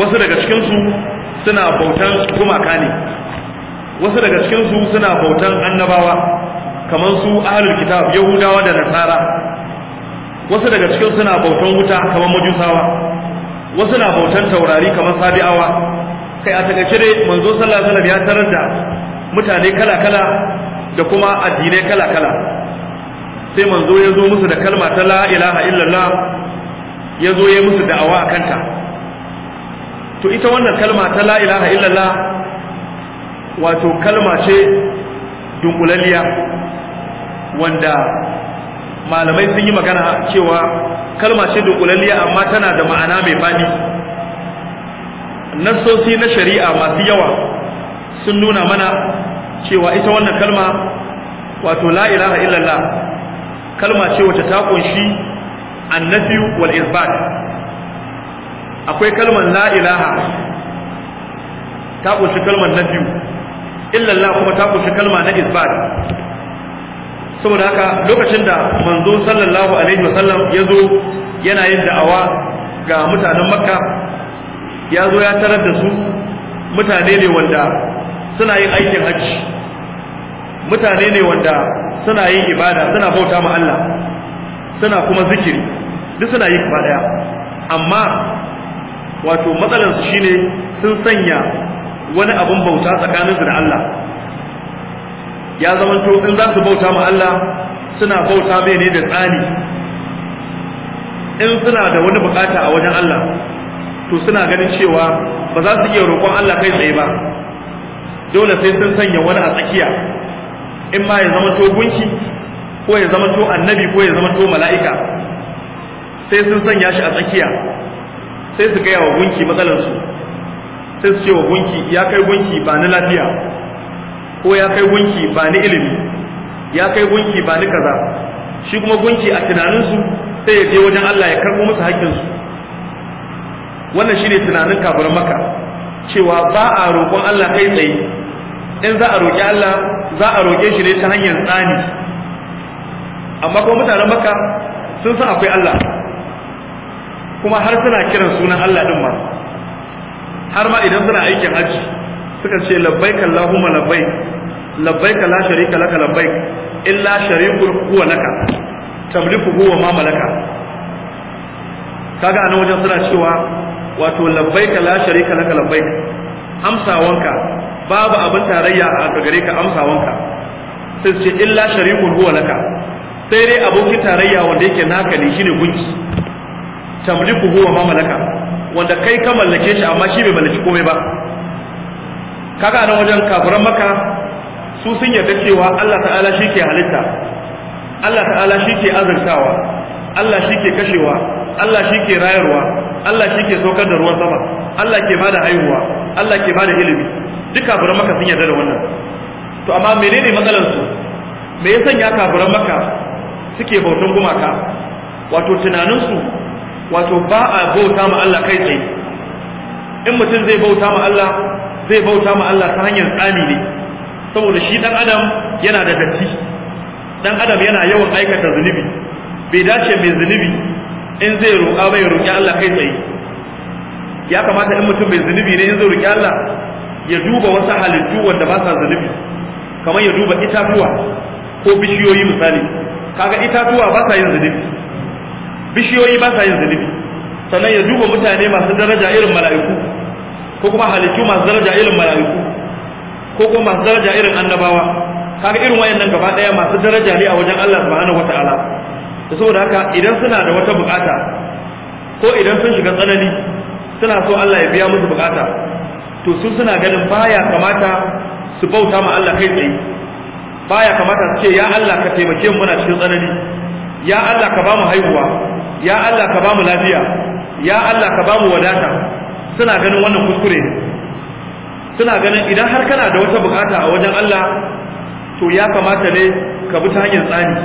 wasu daga cikin su suna bautan gumaka ne wasu daga cikin su suna bautan annabawa kamar su ahlul kitab yahudawa da nasara wasu daga cikin suna bautan wuta kamar majusawa wasu na bautan taurari kamar sabi'awa kai a takaice dai manzo sallallahu alaihi wasallam ya tarar da mutane kala kala da kuma addinai kala kala sai manzo ya zo musu da kalma ta la ilaha illallah ya zo ya musu da'awa a kanta to ita wannan kalma ta la ilaha illallah wato kalma ce dunkulaliya wanda malamai sun yi magana cewa kalma ce dunkulalliya amma tana da ma'ana mai faɗi nassosi na shari'a masu yawa sun nuna mana cewa ita wannan kalma wato la ilaha illallah kalma ce wacce ta kunshi annabi wal isbat akwai kalmar la ilaha ta kunshi kalmar nabi illallah kuma ta kunshi kalma na isbat saboda haka lokacin da manzo sallallahu alaihi wasallam ya zo yana yin da'awa ga mutanen makka ya zo ya tarar da su mutane ne wanda suna yin aikin hajji mutane ne wanda suna yin ibada suna bauta ma Allah suna kuma zikiri duk suna yi gaba daya amma wato matsalarsu shine sun sanya wani abun bauta tsakaninsu da Allah ya zamanto in za su bauta ma Allah suna bauta mai ne da tsani in suna da wani bukata a wajen Allah to suna ganin cewa ba za su iya roƙon Allah kai tsaye ba dole sai sun sanya wani a tsakiya in ma ya zama to gunki ko ya zama to annabi ko ya zama to mala'ika sai sun sanya shi a tsakiya sai su gaya wa gunki matsalarsu sai su ce wa gunki ya kai gunki ba ni lafiya ko ya kai gunki ba ni ilimi ya kai gunki ba ni kaza shi kuma gunki a tunaninsu sai ya je wajen Allah ya karɓo musu haƙƙinsu wannan shine tunanin kafirin maka cewa ba a roƙon Allah kai tsaye in za a roƙi Allah za a roƙe shi ne ta hanyar tsani amma kuma mutanen maka sun san akwai Allah kuma har suna kiran sunan Allah din ma har ma idan suna aikin hajji suka ce labbaik Allahumma labbaik labbaik la sharika laka labbaik illa sharikun huwa laka tamliku huwa ma malaka kaga anan wajen suna cewa wato labbaik la sharika laka labbaik amsawanka babu abin tarayya a gare ka amsawanka sai ce illa sharikun huwa laka sai dai abokin tarayya wanda yake naka ne shine gunki tamliku huwa ma malaka wanda kai ka mallake shi amma shi bai mallaki komai ba kaga nan wajen kafiran maka su sun yarda cewa Allah ta'ala shi ke halitta Allah ta'ala shi ke azurtawa Allah shi ke kashewa Allah shi ke rayarwa Allah shi ke saukar da ruwan sama Allah ke bada haihuwa Allah ke bada ilimi duk kafiran maka sun yarda da wannan to amma menene matsalar su me ya sanya kafiran maka suke bautan gumaka wato tunanin su wato ba a bauta ma Allah kai tsaye in mutum zai bauta ma Allah zai bauta ma Allah ta hanyar tsani ne saboda shi dan adam yana da datti dan adam yana yawan aikata zunubi bai dace mai zunubi in zai roƙa bai roƙi Allah kai tsaye ya kamata in mutum mai zunubi ne in zai roƙi Allah ya duba wasu halittu wanda ba sa zunubi kamar ya duba itatuwa ko bishiyoyi misali kaga itatuwa ba sa yin zunubi bishiyoyi ba sa yin zunubi sannan ya duba mutane masu daraja irin mala'iku ko kuma halittu masu daraja irin mala'iku ko kuma masu daraja irin annabawa kaga irin wayannan gaba daya masu daraja ne a wajen Allah subhanahu wataala saboda haka idan suna da wata bukata ko idan sun shiga tsanani suna so Allah ya biya musu bukata to su suna ganin baya kamata su bauta ma Allah kai tsaye baya kamata su ce ya Allah ka taimake mu muna cikin tsanani ya Allah ka bamu haihuwa ya Allah ka bamu lafiya ya Allah ka bamu wadata suna ganin wannan kuskure ne suna ganin idan har kana da wata bukata a wajen Allah to ya kamata ne ka bi ta hanyar tsani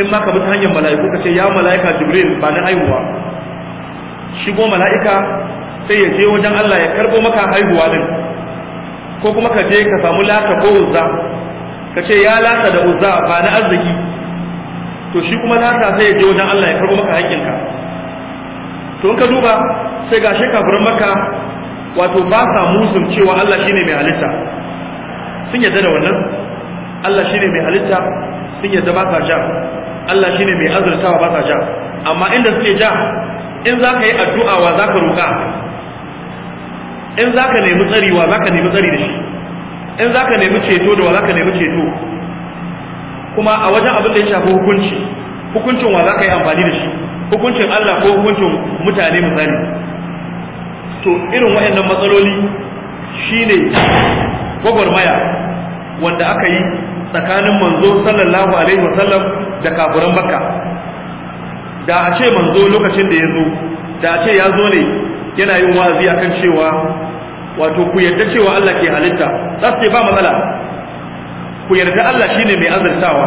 in ma ka bi ta hanyar mala'iku ka ce ya mala'ika jibril ba na haihuwa shigo mala'ika sai ya je wajen Allah ya karbo maka haihuwa din ko kuma ka je ka samu lata ko uzza ka ce ya lata da uzza ba na arziki to shi kuma lata sai ya je wajen Allah ya karbo maka haƙƙinka to in ka duba sai ga shi kafirin maka wato ba sa musun cewa Allah shine mai halitta sun yadda da wannan Allah shine mai halitta sun yadda ba sa ja Allah shine mai azurtawa ba sa ja amma inda suke ja in za ka yi addu'a wa za ka roƙa in za ka nemi tsari wa za ka nemi tsari da shi in za ka nemi ceto da wa za ka nemi ceto kuma a wajen abin da ya shafi hukunci hukuncin wa za ka yi amfani da shi hukuncin Allah ko hukuncin mutane misali to irin waɗannan matsaloli shine gwagwarmaya wanda aka yi tsakanin manzo sallallahu alaihi wasallam da kafuran makka da a ce manzo lokacin da ya zo da a ce ya zo ne yana yin wa'azi akan cewa wato ku yarda cewa Allah ke halitta za su ce ba matsala ku yarda Allah shine mai azurtawa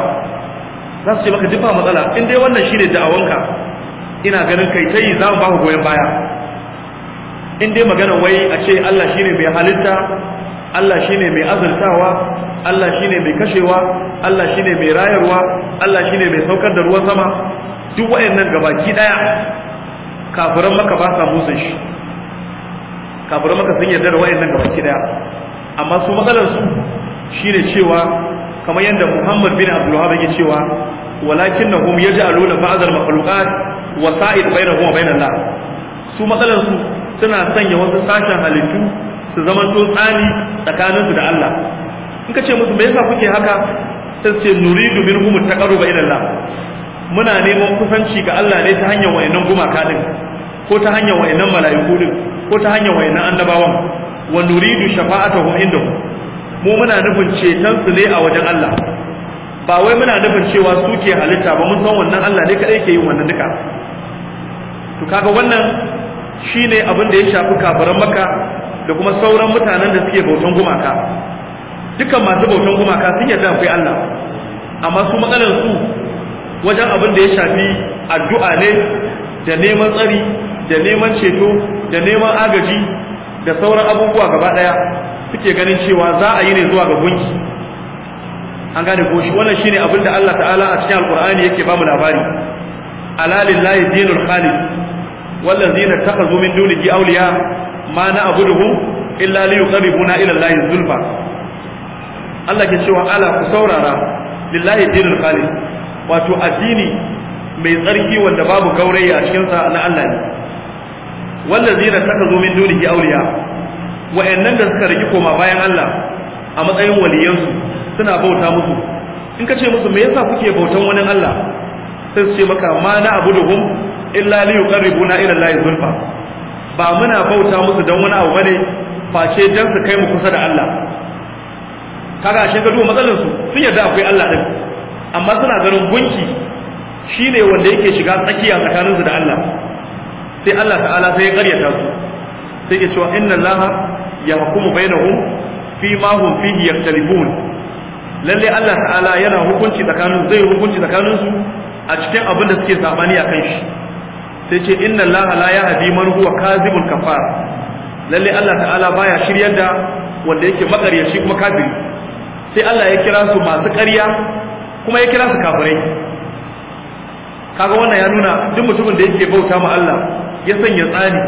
za su ce maka duk ba matsala in dai wannan shine da'awanka ina ganin kai tayi za mu ba ku goyon baya in dai magana wai a ce Allah shine mai halitta Allah shine mai azurtawa Allah shine mai kashewa Allah shine mai rayarwa Allah shine mai saukar da ruwan sama duk wayannan gabaki daya kafiran maka ba sa musu shi kafiran maka sun yarda da wayannan gabaki daya amma su matsalar su shine cewa kamar yadda Muhammad bin Abdul Wahhab yake cewa walakinnahum yaj'aluna ba'd al-makhluqat wasa'id bainahum wa bainallah su matsalar su suna sanya wasu sashen halittu su zamanto tsani tsakaninsu da Allah in ka ce musu me yasa kuke haka sai ce nuridu minhum taqarruba ila Allah muna neman kusanci ga Allah ne ta hanyar wayannan gumaka din ko ta hanyar wayannan mala'iku din ko ta hanyar wayannan annabawan wa nuridu shafa'atahum indahum mu muna nufin ceton su ne a wajen Allah ba wai muna nufin cewa su ke halitta ba mun san wannan Allah ne kadai ke yin wannan duka to kaga wannan Shi ne abin da ya shafi kafiran maka da kuma sauran mutanen da suke bautan gumaka dukan masu bautan gumaka sun yarda akwai Allah amma su matsalar su wajen abin da ya shafi addu'a ne da neman tsari da neman ceto da neman agaji da sauran abubuwa gaba daya suke ganin cewa za a yi ne zuwa ga gunki an gane ko shi wannan shine abin da Allah ta'ala a cikin alqur'ani yake ba mu labari alalillahi dinul khalis wallazina takhazu min dunihi awliya ma na'buduhum illa liyuqarribuna ila Allah zulfa Allah ke cewa ala ku saurara lillahi dinul khalis wato addini mai tsarki wanda babu gauraya a cikin sa na Allah ne wallazina takhazu min dunihi awliya wa'annan da suka riki koma bayan Allah a matsayin waliyansu suna bauta musu in ka ce musu me yasa kuke bautan wani Allah sai su ce maka ma na abuduhum illa li yuqarribuna ila Allah zulfa ba muna bauta musu dan wani abu bane face dan su kai mu kusa da Allah kaga shi ga duba matsalar su sun yarda akwai Allah din amma suna ganin gunki shine wanda yake shiga tsakiya tsakanin su da Allah sai Allah ta'ala sai ya karyata su sai ya cewa inna Allah yahkumu bainahum fi ma hum fihi yaktalibun lalle Allah ta'ala yana hukunci tsakanin zai hukunci tsakanin su a cikin abin da suke sabani kan shi sai ce inna allaha la yahdi man huwa kazibul kafar lalle Allah ta'ala baya shiryar da wanda yake makaryaci kuma kafiri sai Allah ya kira su masu ƙarya kuma ya kira su kafirai kaga wannan ya nuna duk mutumin da yake bauta ma Allah ya sanya tsani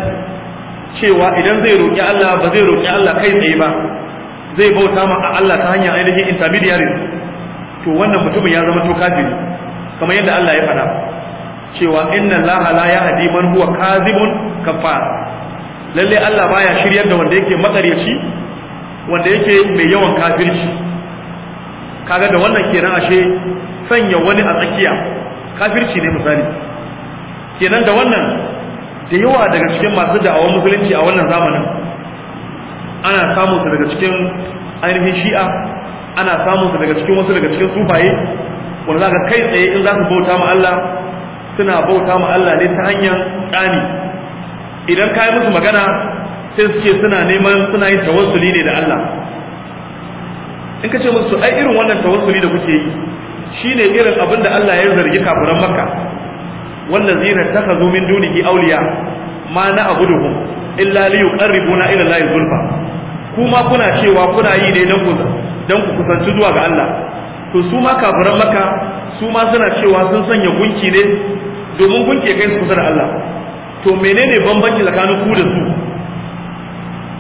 cewa idan zai roƙi Allah ba zai roƙi Allah kai tsaye ba zai bauta ma Allah ta hanyar ainihin intermediary to wannan mutumin ya zama to kafiri kamar yadda Allah ya faɗa cewa inna allaha la yahdi man huwa kadhibun kafar lalle Allah baya shiryar da wanda yake makareci wanda yake mai yawan kafirci kaga da wannan kenan ashe sanya wani a tsakiya kafirci ne misali kenan da wannan da yawa daga cikin masu da'awa musulunci a wannan zamanin ana samun su daga cikin ainihin shi'a ana samun su daga cikin wasu daga cikin sufaye wanda za ka kai tsaye in za su bauta ma Allah suna bauta ma Allah ne ta hanyar ƙani idan ka yi musu magana sai su ce suna neman suna yin tawassuli ne da Allah in ka ce musu ai irin wannan tawassuli da kuke yi shine irin abin da Allah ya zargi kafiran Makka wannan zina ta kazo min dunihi auliya ma na abuduhum illa li yuqarribuna ila Allah zulfa kuma kuna cewa kuna yi ne dan ku dan ku kusanci zuwa ga Allah to su ma kafiran Makka su ma suna cewa sun sanya gunki ne domin kun ke kai su kusa da Allah to menene bambanci tsakanin ku da su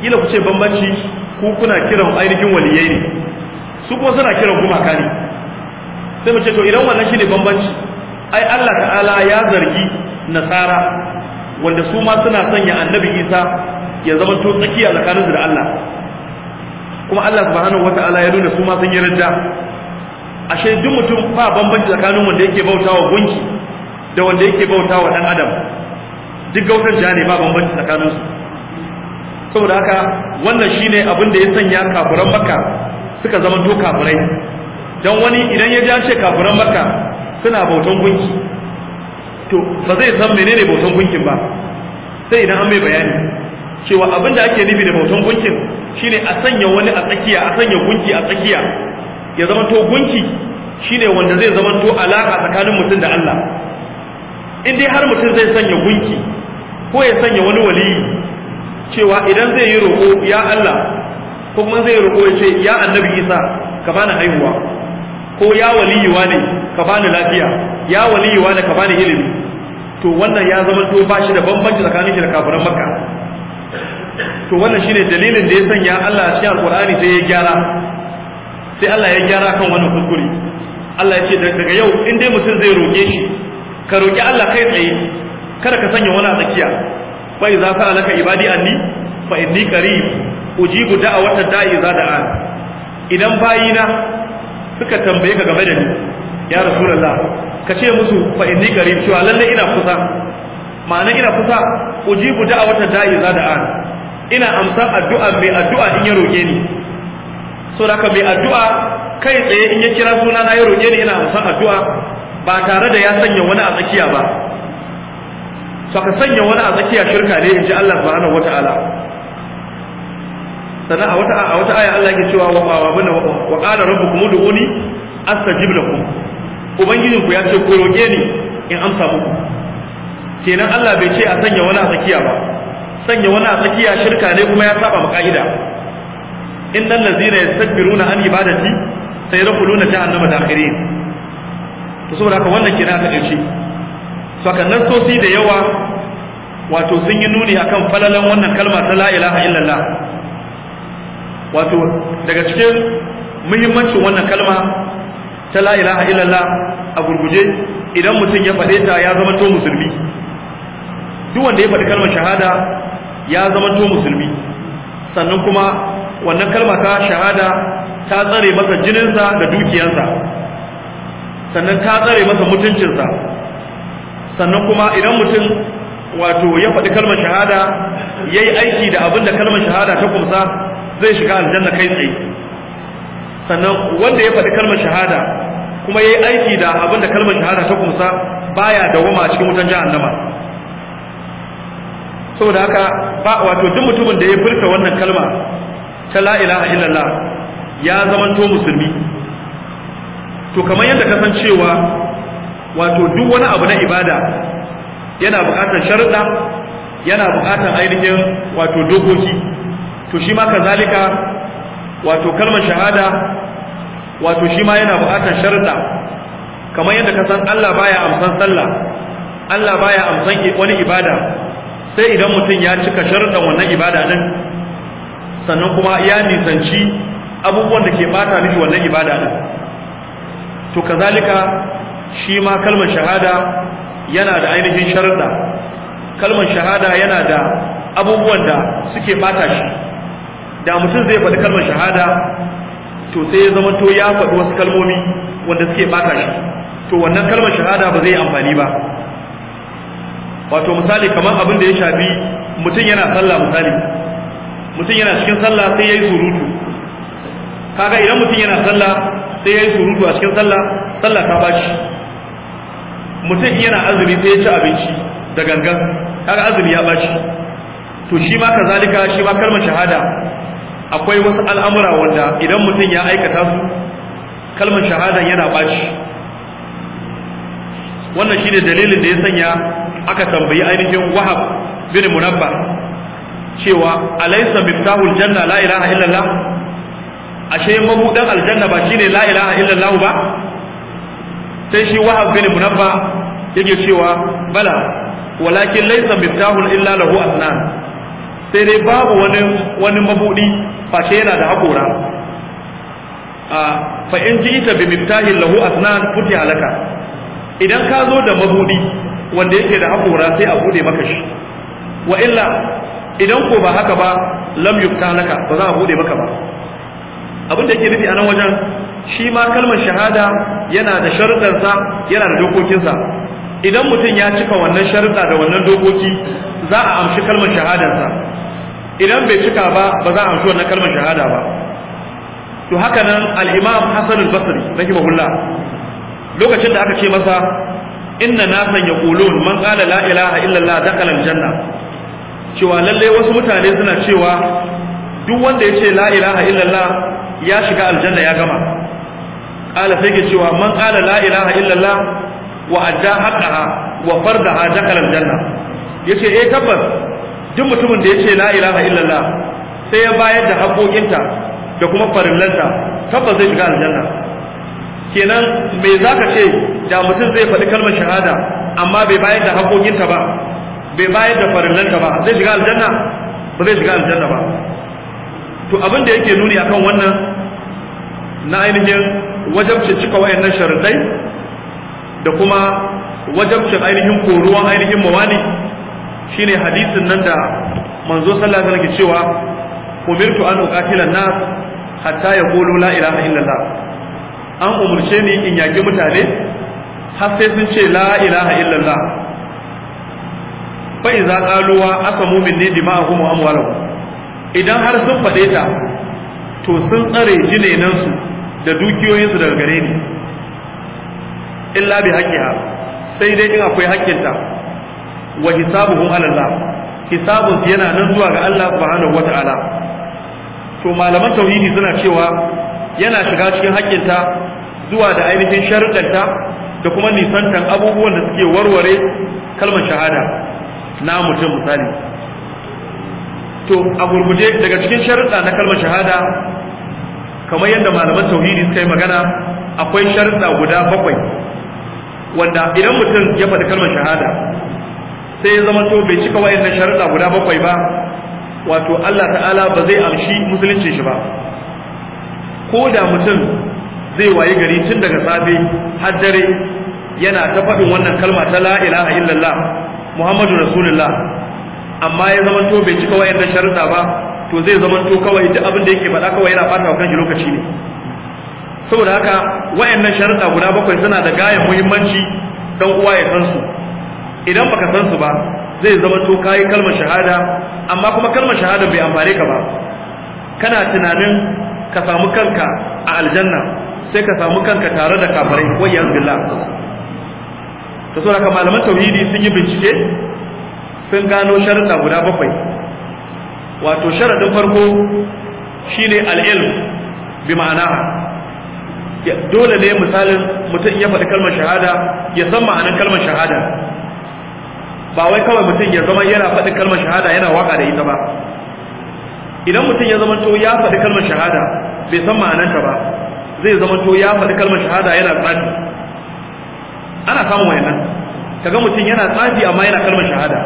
kila ku ce bambanci ku kuna kiran ainihin waliyai ne su kuma suna kiran gumaka ne sai mu ce to idan wannan shine bambanci ai Allah ta'ala ya zargi nasara wanda su ma suna sanya annabi Isa ya zama to tsakiya tsakanin da Allah kuma Allah subhanahu wata'ala ya nuna su ma sun yi radda ashe duk mutum ba bambanci tsakanin wanda yake bautawa gunki da wanda yake bauta wa dan adam duk gautar ja ne ba bambanci tsakanin su saboda haka wannan shine abin da ya sanya kafuran makka suka zama to kafurai dan wani idan ya ji an ce makka suna bautan gunki to ba zai san menene bautan gunkin ba sai idan an mai bayani cewa abin da ake nufi da bautan gunkin shine a sanya wani a tsakiya a sanya gunki a tsakiya ya zama to gunki shine wanda zai zama to alaka tsakanin mutum da Allah in dai har mutum zai sanya gunki ko ya sanya wani waliyi cewa idan zai yi roƙo ya Allah ko kuma zai roƙo ya ce ya annabi Isa ka bani haihuwa ko ya waliyiwa ne ka bani lafiya ya waliyiwa ne ka bani ilimi to wannan ya zama to ba shi da bambanci tsakanin shi da kafiran makka to wannan shine dalilin da ya sanya Allah a cikin alkur'ani sai ya gyara sai Allah ya gyara kan wannan kuskure Allah ya ce daga yau in dai mutum zai roke shi ka roƙi Allah kai tsaye kada ka sanya wani a tsakiya fa idza sa'alaka ibadi anni fa inni qarib ujibu da'awata da'i idza da'a idan bayina suka tambaye ka game da ni ya rasulullah ka ce musu fa inni qarib cewa lalle ina kusa ma'ana ina kusa ujibu da'awata da'i idza da'a ina amsa addu'a mai addu'a in ya roƙe ni so da ka mai addu'a kai tsaye in ya kira suna na ya roƙe ni ina amsa addu'a ba tare da ya sanya wani a tsakiya ba saka sanya wani a tsakiya shirka ne in ji Allah subhanahu wata'ala sana a wata a wata aya Allah yake cewa wa wa bana wa qala rabbukum ud'uni astajib lakum ubangijin ku ya ce ku roke ni in amsa muku kenan Allah bai ce a sanya wani a tsakiya ba sanya wani a tsakiya shirka ne kuma ya saba makaida innal ladhina yastakbiruna an ibadati sayadkhuluna jahannama dakhirin to saboda haka wannan kira ta ɗauki saka nassosi da yawa wato sun yi nuni akan falalan wannan kalma ta la ilaha illallah wato daga cikin muhimmancin wannan kalma ta la ilaha illallah a gurguje idan mutum ya faɗe ta ya zama to musulmi duk wanda ya faɗi kalmar shahada ya zama to musulmi sannan kuma wannan kalma ta shahada ta tsare masa jininsa da dukiyarsa sannan ta tsare masa mutuncinsa sannan kuma idan mutum wato ya faɗi kalmar shahada ya yi aiki da abin da kalmar shahada ta kumsa zai shiga aljanna kai tsaye sannan wanda ya faɗi kalmar shahada kuma ya yi aiki da abin da kalmar shahada ta kumsa baya dawama cikin wutan jahannama saboda haka ba wato duk mutumin da ya furta wannan kalma ta la ilaha illallah ya zamanto musulmi to kamar yadda ka san cewa wato duk wani abu na ibada yana buƙatar sharuɗa yana buƙatar ainihin wato dokoki to shi ma kazalika wato kalmar shahada wato shi ma yana buƙatar sharuɗa kamar yadda ka san Allah baya amsan sallah Allah baya amsan wani ibada sai idan mutum ya cika sharuɗan wannan ibada din sannan kuma ya nisanci abubuwan da ke bata mishi wannan ibada din to kazalika shi ma kalmar shahada yana da ainihin sharuɗa kalmar shahada yana da abubuwan da suke bata shi da mutum zai faɗi kalmar shahada to sai ya zama to ya faɗi wasu kalmomi wanda suke bata shi to wannan kalmar shahada ba zai amfani ba wato misali kamar abin da ya shafi mutum yana sallah misali mutum yana cikin sallah sai ya yi surutu kaga idan mutum yana sallah sai ya yi surutu a cikin sallah sallah ta bashi mutum yana azumi sai ya ci abinci da gangan har azumi ya bashi to shi ma kazalika shi ma kalmar shahada akwai wasu al'amura wanda idan mutum ya aikata su kalmar shahada yana bashi wannan shi ne dalilin da ya sanya aka tambayi ainihin wahab bin munabba cewa alaysa miftahul janna la ilaha illallah ashe mabudan aljanna ba shine la ilaha illallah ba sai shi wahab bin munabba yake cewa bala walakin laysa miftahun illa lahu asnan sai dai babu wani wani mabudi sai yana da hakura a fa in ji'ita bi miftahin lahu asnan futi alaka idan ka zo da mabudi wanda yake da hakura sai a bude maka shi wa illa idan ko ba haka ba lam yufta laka ba za a bude maka ba abin da yake nufi a nan wajen shi ma kalmar shahada yana da sharuɗansa yana da dokokinsa idan mutum ya cika wannan sharuɗa da wannan dokoki za a amshi kalmar shahadarsa idan bai cika ba ba za a amshi wannan kalmar shahada ba to haka nan al-imam hasan al-basri lokacin da aka ce masa inna nasan yaqulun man qala la ilaha illallah dakhala janna cewa lalle wasu mutane suna cewa duk wanda ya ce la ilaha illallah ya shiga aljanna ya gama qala sai ke cewa man qala la ilaha illallah wa adda haqqaha wa fardaha dakhala aljanna yace eh tabbas duk mutumin da yace la ilaha illallah sai ya bayar da haƙoƙinta da kuma farillanta tabbas zai shiga aljanna kenan me zaka ce da mutum zai faɗi kalmar shahada amma bai bayar da haƙoƙinta ba bai bayar da farillanta ba zai shiga aljanna ba zai shiga aljanna ba to abin da yake nuni akan wannan na ainihin wajabcin cika wayannan sharadai da kuma wajabcin ainihin koruwan ainihin mawani shine hadisin nan da manzo sallallahu alaihi wasallam cewa umirtu an uqatila nas hatta yaqulu la ilaha illallah an umurce ni in yaki mutane har sai sun ce la ilaha illallah fa iza qaluwa mumin minni dima'ahum wa amwalahum idan har sun fade ta to sun tsare jinenansu da dukiyoyinsu daga gare ni illa bi haqqiha sai dai in akwai haƙƙinta wa hisabuhum ala Allah hisabun yana nan zuwa ga Allah subhanahu wata'ala to malaman tauhidi suna cewa yana shiga cikin haƙƙinta zuwa da ainihin sharuɗanta da kuma nisantan abubuwan da suke warware kalmar shahada na mutum misali to a gurguje daga cikin sharuɗa na kalmar shahada kamar yadda malaman tauhidi suka yi magana akwai sharuɗa guda bakwai wanda idan mutum ya faɗi kalmar shahada sai ya zama to bai cika wayannan sharuɗa guda bakwai ba wato Allah ta'ala ba zai amshi musulunci shi ba ko da mutum zai wayi gari tun daga safe har dare yana ta faɗin wannan kalma ta la ilaha illallah muhammadu rasulullah amma ya zama to bai cika wayannan sharuɗa ba to zai to kawai duk abin da yake faɗa kawai yana ɓata wa kanshi lokaci ne saboda haka wayannan sharuɗa guda bakwai suna da gayan muhimmanci dan uwa ya san su idan baka san su ba zai to kayi kalmar shahada amma kuma kalmar shahada bai amfare ka ba kana tunanin ka samu kanka a aljanna sai ka samu kanka tare da kafirai wayyan billah to saboda haka malaman tauhidi sun yi bincike sun gano sharuɗa guda bakwai wato sharadin farko shine al-ilm bi ma'ana dole ne misalin mutum ya faɗi kalmar shahada ya san ma'anar kalmar shahada ba wai kawai mutum ya zama yana faɗi kalmar shahada yana waka da ita ba idan mutum ya zama to ya faɗi kalmar shahada bai san ma'ananta ba zai zama to ya faɗi kalmar shahada yana tsafi ana samun wayannan kaga mutum yana tsafi amma yana kalmar shahada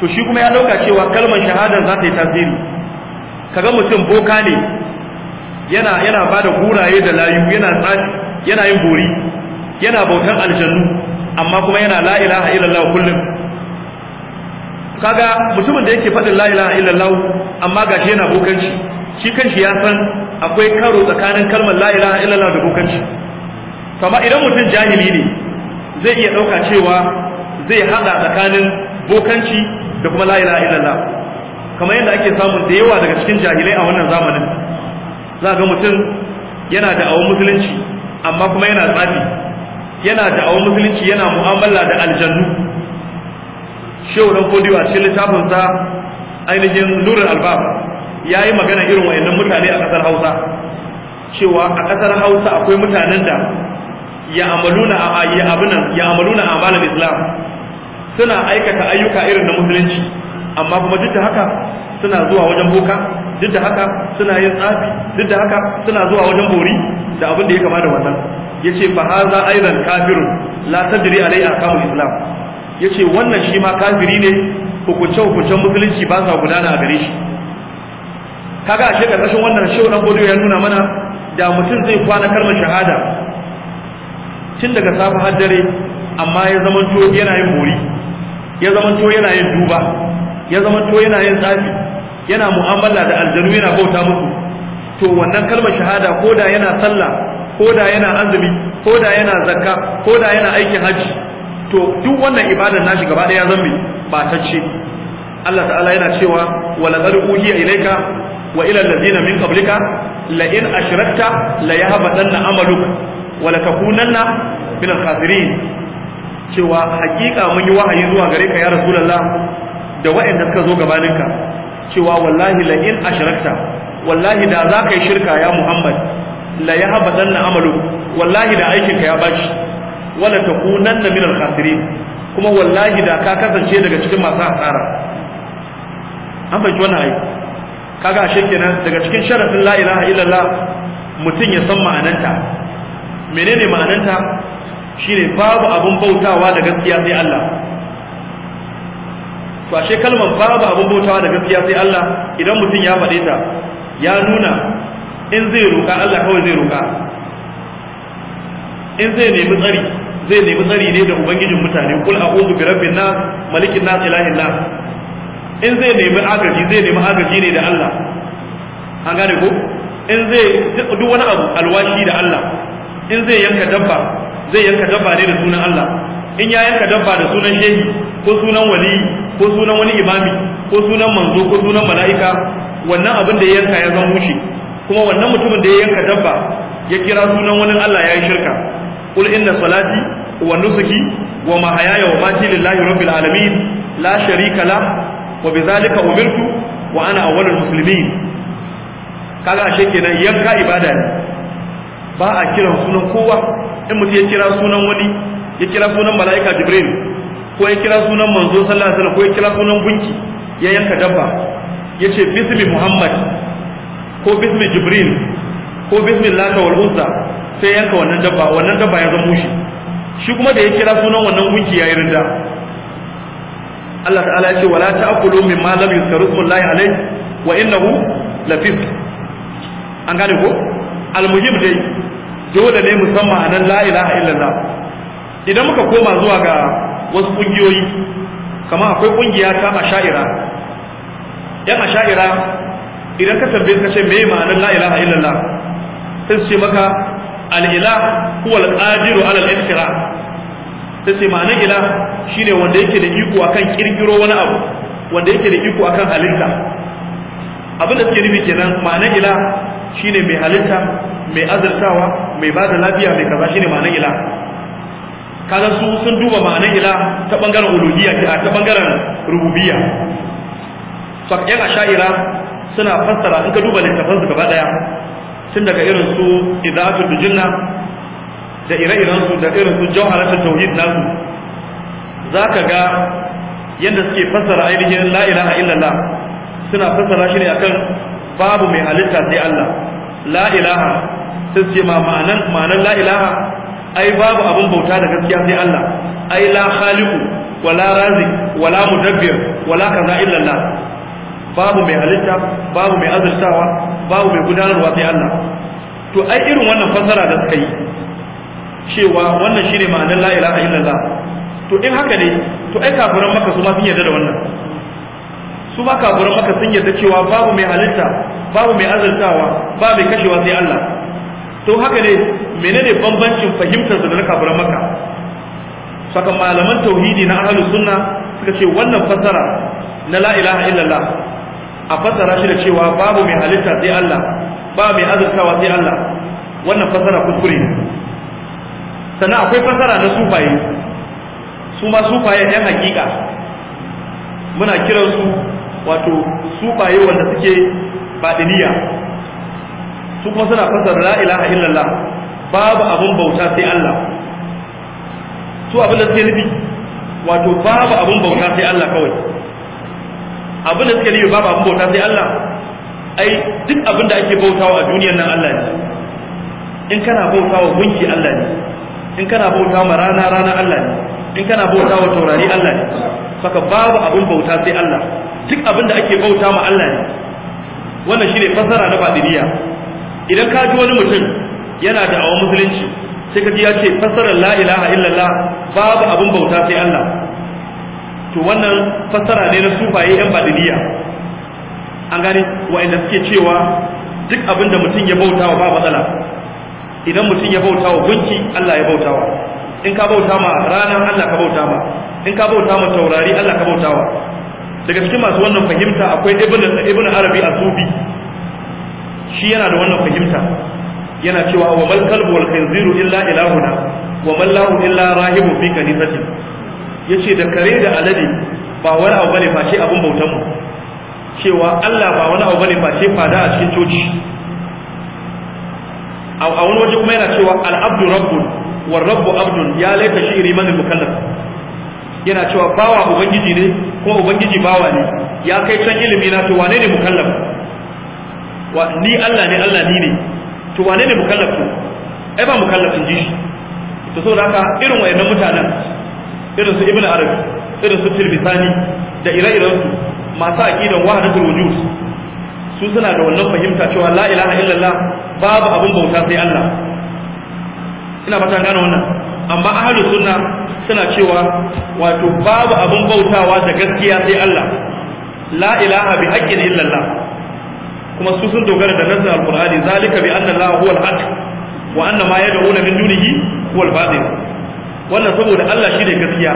to shi kuma ya dauka cewa kalmar shahadar za ta yi tasiri kaga mutum boka ne yana yana bada guraye da layu yana tsafi yana yin gori yana bautan aljannu amma kuma yana la ilaha illallah kullum kaga mutumin da yake faɗin la ilaha illallah amma shi yana bokanci shi kanshi ya san akwai karo tsakanin kalmar la ilaha illallah da bokanci kama idan mutum jahili ne zai iya ɗauka cewa zai haɗa tsakanin bokanci da kuma la'ila illallah kamar yadda ake samun da yawa daga cikin jahilai a wannan zamanin za ga mutum yana da awon musulunci amma kuma yana tsafi yana da awon musulunci yana mu'amala da aljannu shehu kodiyo a cikin littafin sa ainihin nurin albab yi magana irin wayannan mutane a kasar Hausa cewa a kasar Hausa akwai mutanen da ya amaluna a ayi ya Islam suna aikata ayyuka irin na musulunci amma kuma duk da haka suna zuwa wajen boka duk da haka suna yin tsafi duk da haka suna zuwa wajen bori da abin da ya kama da wannan yace fa haza aidan kafirun la tadri alai akamu islam yace wannan shi ma kafiri ne hukunce hukuncen musulunci ba sa gudana a gare shi kaga a shekar rashin wannan shehu dan bodo ya nuna mana da mutum zai kwana kalmar shahada tun daga safa har dare amma ya zama to yana yin bori ya zama to yana yin duba ya zama to yana yin tsafi yana mu'amala da aljanu yana bauta musu to wannan kalmar shahada ko da yana sallah ko da yana azumi ko da yana zakka ko da yana aikin hajji to duk wannan ibadar nashi gaba daya zambi ba ta ce Allah ta'ala yana cewa wa laqad uhiya ilayka wa ila allazina min qablika la in ashrakta la yahbatanna amaluka wa latakunanna min al-khasirin cewa hakika mun yi wahayi zuwa gare ka ya rasulullah da waɗanda suka zo gabaninka cewa wallahi la in ashrakta wallahi da za ka yi shirka ya muhammad la ya habadan na amalu wallahi da aikinka ya bashi wala na minar khasirin kuma wallahi da ka kasance daga cikin masu hasara an fahimci wannan ayi kaga ashe kenan daga cikin sharafin la ilaha illallah mutum ya san ma'ananta menene ma'ananta shine babu abin bautawa da gaskiya sai Allah to ashe kalmar babu abin bautawa da gaskiya sai Allah idan mutum ya faɗe ta ya nuna in zai roƙa Allah kawai zai roƙa in zai nemi tsari zai nemi tsari ne da ubangijin mutane kul a'udhu bi rabbin nas malikin nas ilahin nas in zai nemi agaji zai nemi agaji ne da Allah an gane ko in zai duk wani abu alwashi da Allah in zai yanka dabba zai yanka dabba ne da sunan Allah in ya yanka dabba da sunan shehi ko sunan wali ko sunan wani imami ko sunan manzo ko sunan mala'ika wannan abin da ya yanka ya zama mushi kuma wannan mutumin da ya yanka dabba ya kira sunan wani Allah ya yi shirka kul inna salati wa nusuki wa mahayaya wa mati lillahi rabbil alamin la sharika la wa Bizalika umirtu wa ana awwalul muslimin kaga ashe yanka ibada ne ba a kiran sunan kowa in mutum ya kira sunan wani ya kira sunan mala'ika jibril ko ya kira sunan manzo sallallahu alaihi wasallam ko ya kira sunan gunki ya yanka dabba ya ce bismi muhammad ko bismi jibril ko bismi laka wal unsa sai yanka wannan dabba wannan dabba ya zama mushi shi kuma da ya kira sunan wannan gunki ya yi rinda Allah ta'ala ya ce wala ta'kulu mimma lam yuzkaru smullahi alayhi wa innahu lafis an gane ko almuhim dai dole ne musamman anan la ilaha illallah idan muka koma zuwa ga wasu kungiyoyi kama akwai kungiya ta asha'ira yan asha'ira idan ka tambaye ka ce meye ma'anar la ilaha illallah sai su ce maka al-ilah huwa al-qadiru ala al-iftira sai ce ma'anar ilah shine wanda yake da iko akan kirkiro wani abu wanda yake da iko akan halitta abin da suke nufi kenan ma'anar ilah shine mai halitta mai azurtawa mai ba da lafiya mai kaza ne ma'anar ila kaga su sun duba ma'anar ila ta bangaren a ta bangaren rububiyya to yan asha'ira suna fassara in ka duba littafansu gaba daya tun daga irin su idatul jinna da ire-iren su da irin su jawharatul tauhid nasu ka ga yadda suke fassara ainihin la ilaha illallah suna fassara shi ne akan babu mai halitta sai Allah la ilaha sai su ce ma ma'anan ma'anan la ilaha ai babu abin bauta da gaskiya sai Allah ai la khaliqu wala raziq wala mudabbir wala kaza illa Allah babu mai halitta babu mai azurtawa babu mai gudanarwa sai Allah to ai irin wannan fasara da suka yi cewa wannan shine ma'anan la ilaha Allah to in haka ne to ai kafiran maka su ma sun yarda da wannan su ma kafiran maka sun yarda cewa babu mai halitta babu mai azurtawa ba mai kashewa sai Allah to haka ne menene bambancin fahimtar da na kafiran maka saka malaman tauhidi na ahlus sunna suka ce wannan fasara na la ilaha illallah a fasara shi da cewa babu mai halitta sai Allah ba mai azurtawa sai Allah wannan fasara kuskure sannan akwai fasara na sufaye su ma sufaye yan hakika muna kiransu wato sufaye wanda suke baɗiniya. su kuma suna fasar la ilaha illallah babu abun bauta sai Allah su abin da suke nufi wato babu abun bauta sai Allah kawai abin da suke nufi babu abun bauta sai Allah ai duk abin da ake bautawa a duniyar nan Allah ne in kana bautawa gunki Allah ne in kana bautawa rana rana Allah ne in kana bautawa taurari Allah ne saka babu abun bauta sai Allah duk abin da ake bauta ma Allah ne wannan shine fasara na fadiliya idan ka ji wani mutum yana da awon musulunci sai ka ji ya ce fassarar la ilaha illallah babu abin bauta sai Allah to wannan fassara ne na sufaye yan badiliya an gane wa'anda suke cewa duk abin da mutum ya bauta wa ba matsala idan mutum ya bauta wa gunki Allah ya bauta wa in ka bauta ma ranar Allah ka bauta ma in ka bauta ma taurari Allah ka bauta wa daga cikin masu wannan fahimta akwai ibn arabi a sufi shi yana da wannan fahimta yana cewa wa mal kalbu wal khinziru illa ilahuna wa man lahu illa rahibu fi kanisati yace da kare da alade ba wani abu bane face abun bautan mu cewa Allah ba wani abu bane face fada a cikin coci a wani waje kuma yana cewa al-abdu rabbun wa rabbu abdun ya laika shi iri man mukallaf yana cewa bawa ubangiji ne ko ubangiji bawa ne ya kai san ilimi na to wane ne mukallaf wa ni Allah ne Allah ni ne to wane ne mukallafin ai ba mukallafin ji shi to saboda haka irin wayannan mutanen irin su ibnu arabi irin su tirmidhani da ire-iren su masu aqidan wahdatul wujud su suna da wannan fahimta cewa la ilaha illallah babu abin bauta sai Allah ina fata gane wannan amma ahlus sunna suna cewa wato babu abin bautawa da gaskiya sai Allah la ilaha bi haqqin illallah kuma su sun dogara da nazarin alqur'ani zalika bi anna allaha huwal haq wa anna ma yad'una min dunihi huwal batil wannan saboda Allah shine gaskiya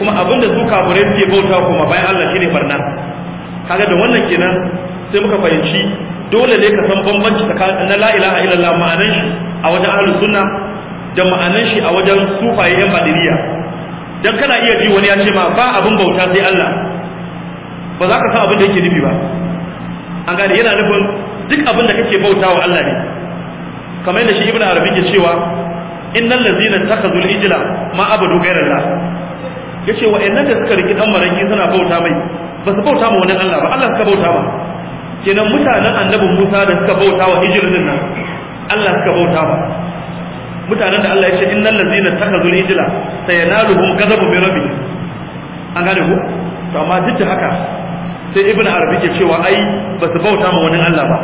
kuma abinda su kafirai suke bauta kuma bayan Allah shine barna kaga da wannan kenan sai muka fahimci dole ne ka san bambanci tsakanin na la ilaha illallah ma'anan shi a wajen ahlus sunna da ma'anan shi a wajen sufaye yan badiriya dan kana iya ji wani ya ce ma ba abin bauta sai Allah ba za ka san abin da yake nufi ba an gane yana nufin duk abin da kake bautawa Allah ne kamar yadda shi Ibn arabi ke cewa innal ladina takhazul ijla ma abudu ghayra yace wa innan da suka riki dan maranki suna bauta mai ba su bauta ma wani Allah ba Allah suka bauta ma kenan mutanen annabi Musa da suka bauta wa hijirin nan Allah suka bauta ma mutanen da Allah ya ce innal ladina takhazul ijla sayanaluhum ghadabu min rabbihim an gane ko to amma duk da haka sai ibn arabi ke cewa ai ba su bauta ma wani Allah ba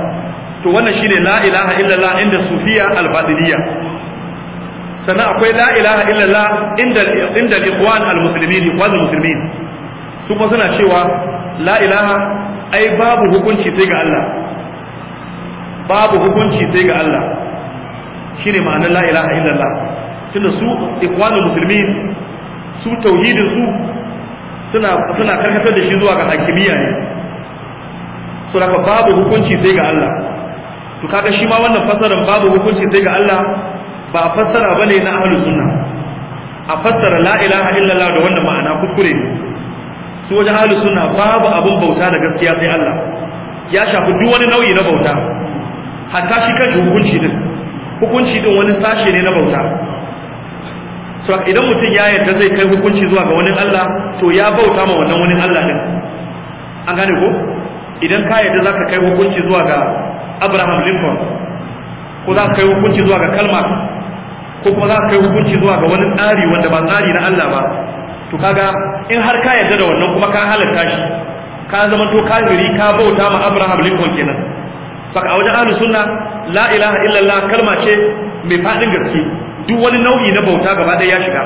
to wannan shine la ilaha illallah inda sufiya al-batiniyya sannan akwai la ilaha illallah inda inda ikhwan al-muslimin ikhwan muslimin su kuma suna cewa la ilaha ai babu hukunci sai ga Allah babu hukunci sai ga Allah shine ma'anar la ilaha illallah tunda su ikhwanul muslimin su tauhidin su suna suna karkatar da shi zuwa ga hakimiyya ne so haka babu hukunci sai ga Allah to kaga shi ma wannan fasarar babu hukunci sai ga Allah ba fassara bane na ahlus sunna a fassara la ilaha illallah da wannan ma'ana kukure, ne su wajen ahlus sunna babu abin bauta da gaskiya sai Allah ya shafi duk wani nau'i na bauta hatta shi kan hukunci din hukunci din wani sashe ne na bauta so idan mutum ya yarda zai kai hukunci zuwa ga wani Allah to ya bauta ma wannan wani Allah din an gane ko idan ka yarda za ka kai hukunci zuwa ga Abraham Lincoln ko za ka kai hukunci zuwa ga kalma ko kuma za ka kai hukunci zuwa ga wani tsari wanda ba tsari na Allah ba to kaga in har ka yarda da wannan kuma ka halarta shi ka zama to kafiri ka bauta ma Abraham Lincoln kenan saka a wajen ahlus sunna la ilaha illallah kalma ce mai fadin gaske duk wani nau'i na bauta gaba ɗaya ya shiga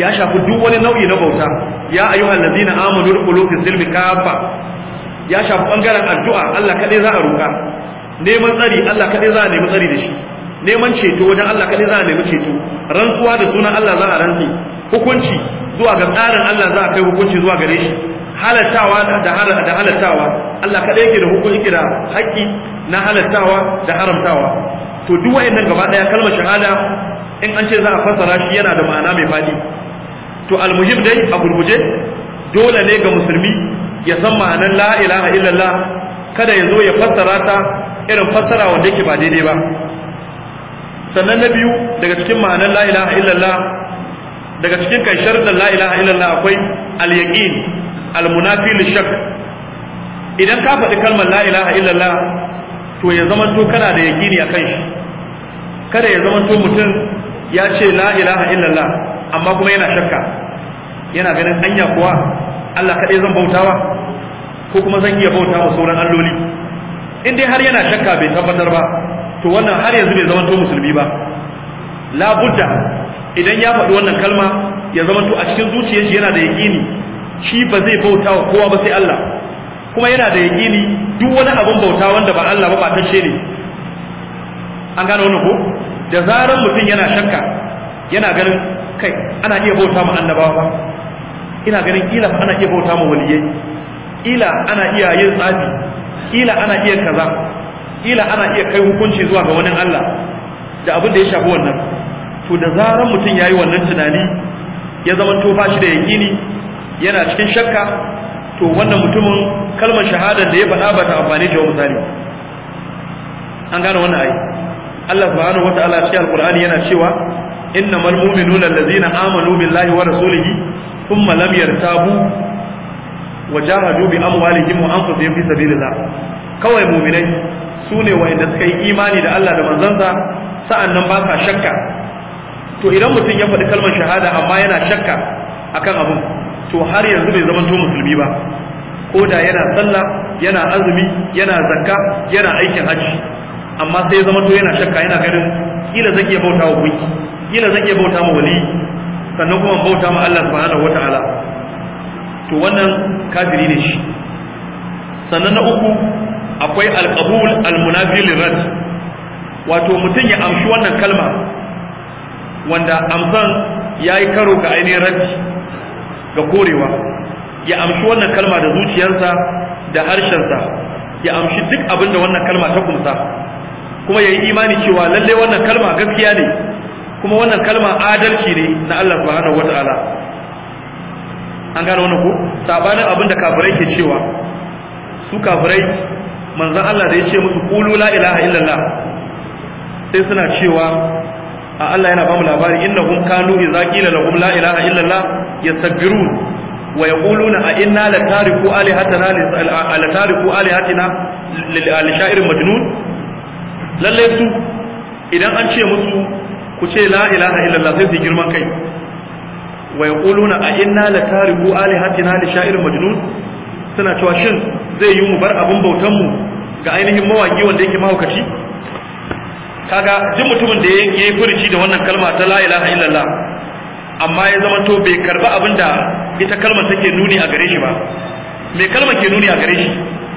ya shafi duk wani nau'i na bauta ya ayyuhal ladina amanu rukulu fi zilmi kafa ya shafi bangaren addu'a Allah kaɗai za a roka neman tsari Allah kaɗai za a nemi tsari da shi neman ceto wajen Allah kaɗai za a nemi ceto rantsuwa da sunan Allah za a rantsi hukunci zuwa ga tsarin Allah za a kai hukunci zuwa gare shi halattawa da halattawa Allah kaɗai yake da hukunci da haƙƙi na halattawa da haramtawa to duk wayannan gaba daya kalmar shahada in an ce za a fassara shi yana da ma'ana mai fadi to almuhim dai a gurguje dole ne ga musulmi ya san ma'anar la ilaha illallah kada ya zo ya fassara ta irin fassara wanda yake ba daidai ba sannan na biyu daga cikin ma'anar la ilaha illallah daga cikin kai sharadin la ilaha illallah akwai al-yaqin al-munafi shakk idan ka faɗi kalmar la ilaha illallah to ya zama to kana da yakini a kan shi kada ya zama to mutum ya ce la ilaha illallah amma kuma yana shakka yana ganin hanya kuwa Allah kaɗai zan bautawa ko kuma zan iya bauta wa sauran alloli in dai har yana shakka bai tabbatar ba to wannan har yanzu bai zama to musulmi ba la budda idan ya faɗi wannan kalma ya zama to a cikin zuciyarsa yana da yaƙini shi ba zai bauta wa kowa ba sai Allah kuma yana da yaƙini duk wani abin bauta wanda ba Allah ba ce ne an gano wani ko da zarar mutum yana shakka yana ganin kai ana iya bauta ma annabawa ba ina ganin kila ana iya bauta ma waliyai kila ana iya yin tsafi kila ana iya kaza kila ana iya kai hukunci zuwa ga wani Allah da abin da ya shafi wannan to da zarar mutum yayi wannan tunani ya zama tofa shi da yaƙini yana cikin shakka to wannan mutumin kalmar shahada da ya faɗa ba ta amfani da wa misali an gane wannan ayi Allah subhanahu wa ta'ala cikin alqur'ani yana cewa innamal mu'minuna allazina amanu billahi wa rasulihi thumma lam yartabu wa jahadu bi amwalihim wa anfusihim fi sabilillah kawai mu'minai sune wa'anda suka yi imani da Allah da manzansa sa'annan ba sa shakka to idan mutum ya faɗi kalmar shahada amma yana shakka akan abin to har yanzu bai zama to musulmi ba ko da yana sallah yana azumi yana zakka yana aikin hajji amma sai zama to yana shakka yana ganin kila zan iya bauta wa gunki kila zan iya bauta ma wali sannan kuma bauta ma Allah subhanahu wataala to wannan kafiri ne shi sannan na uku akwai alqabul almunafi lirad wato mutum ya amshi wannan kalma wanda amsan yayi karo ga ainihin raddi ga korewa ya amshi wannan kalma da zuciyarsa da harshensa ya amshi duk abin da wannan kalma ta kumsa kuma ya yi imani cewa lalle wannan kalma gaskiya ne kuma wannan kalma adalci ne na Allah subhanahu wata'ala an gane wannan ko sabanin abin da kafirai ke cewa su kafirai manzon Allah da ya ce musu qulu la ilaha illallah sai suna cewa a Allah yana bamu labari innahum kanu idza qila lahum la ilaha illa Allah yastakbirun wa yaquluna a inna la tariku alihatana la tariku alihatina lil sha'irin majnun lalle su idan an ce musu ku ce la ilaha illa Allah sai su girman kai wa yaquluna a inna la tariku alihatina li sha'irin majnun suna cewa shin zai yi mu bar abin bautan mu ga ainihin mawaki wanda yake mahaukaci kaga duk mutumin da ya yi furici da wannan kalma ta la ilaha illallah amma ya zama to bai karba abin da ita kalmar take nuni a gare shi ba me kalmar ke nuni a gare shi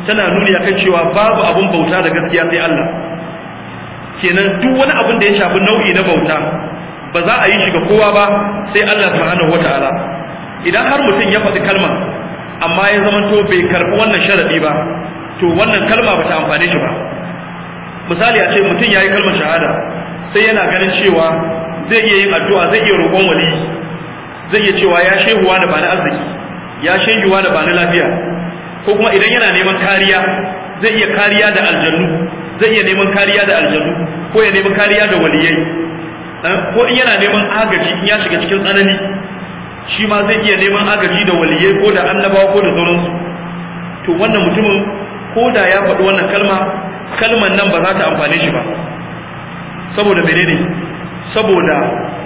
tana nuni akan cewa babu abin bauta da gaskiya sai Allah kenan duk wani abin da ya shafi nau'i na bauta ba za a yi shi ga kowa ba sai Allah subhanahu wataala idan har mutum ya faɗi kalma amma ya zama to bai karbi wannan sharadi ba to wannan kalma ba ta amfane shi ba misali a ce mutum ya yi kalmar shahada sai yana ganin cewa zai iya yin addu'a zai iya roƙon wali zai iya cewa ya shehuwa da ba na arziki ya shehuwa da ba na lafiya ko kuma idan yana neman kariya zai iya kariya da aljannu zai iya neman kariya da aljannu ko ya neman kariya da waliyai eh, ko in yana neman agaji in ya shiga cikin tsanani shi ma zai iya neman agaji da waliyai ko da annabawa ko da sauransu to wannan mutumin ko da ya faɗi wannan kalma kalman nan ba za ta amfane shi ba saboda menene saboda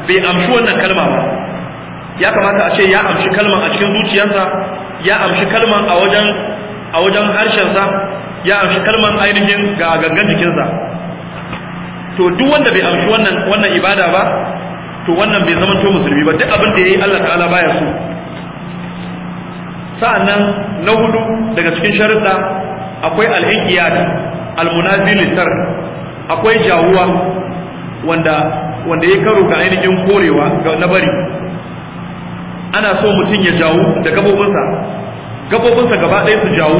bai amshi wannan kalma ba ya kamata a ce ya amshi kalman a cikin zuciyarsa ya amshi kalman a wajen a wajen harshensa ya amshi kalman ainihin ga gangan jikinsa to duk wanda bai amshi wannan wannan ibada ba to wannan bai zama to musulmi ba duk abin da yayi Allah ta'ala baya so sa'annan na hudu daga cikin sharuɗa akwai al-inqiyad almunazi akwai jawuwa wanda wanda ya karo ga ainihin korewa ga na bari ana so mutum ya jawo da gabobinsa gabobinsa gaba ɗaya su jawo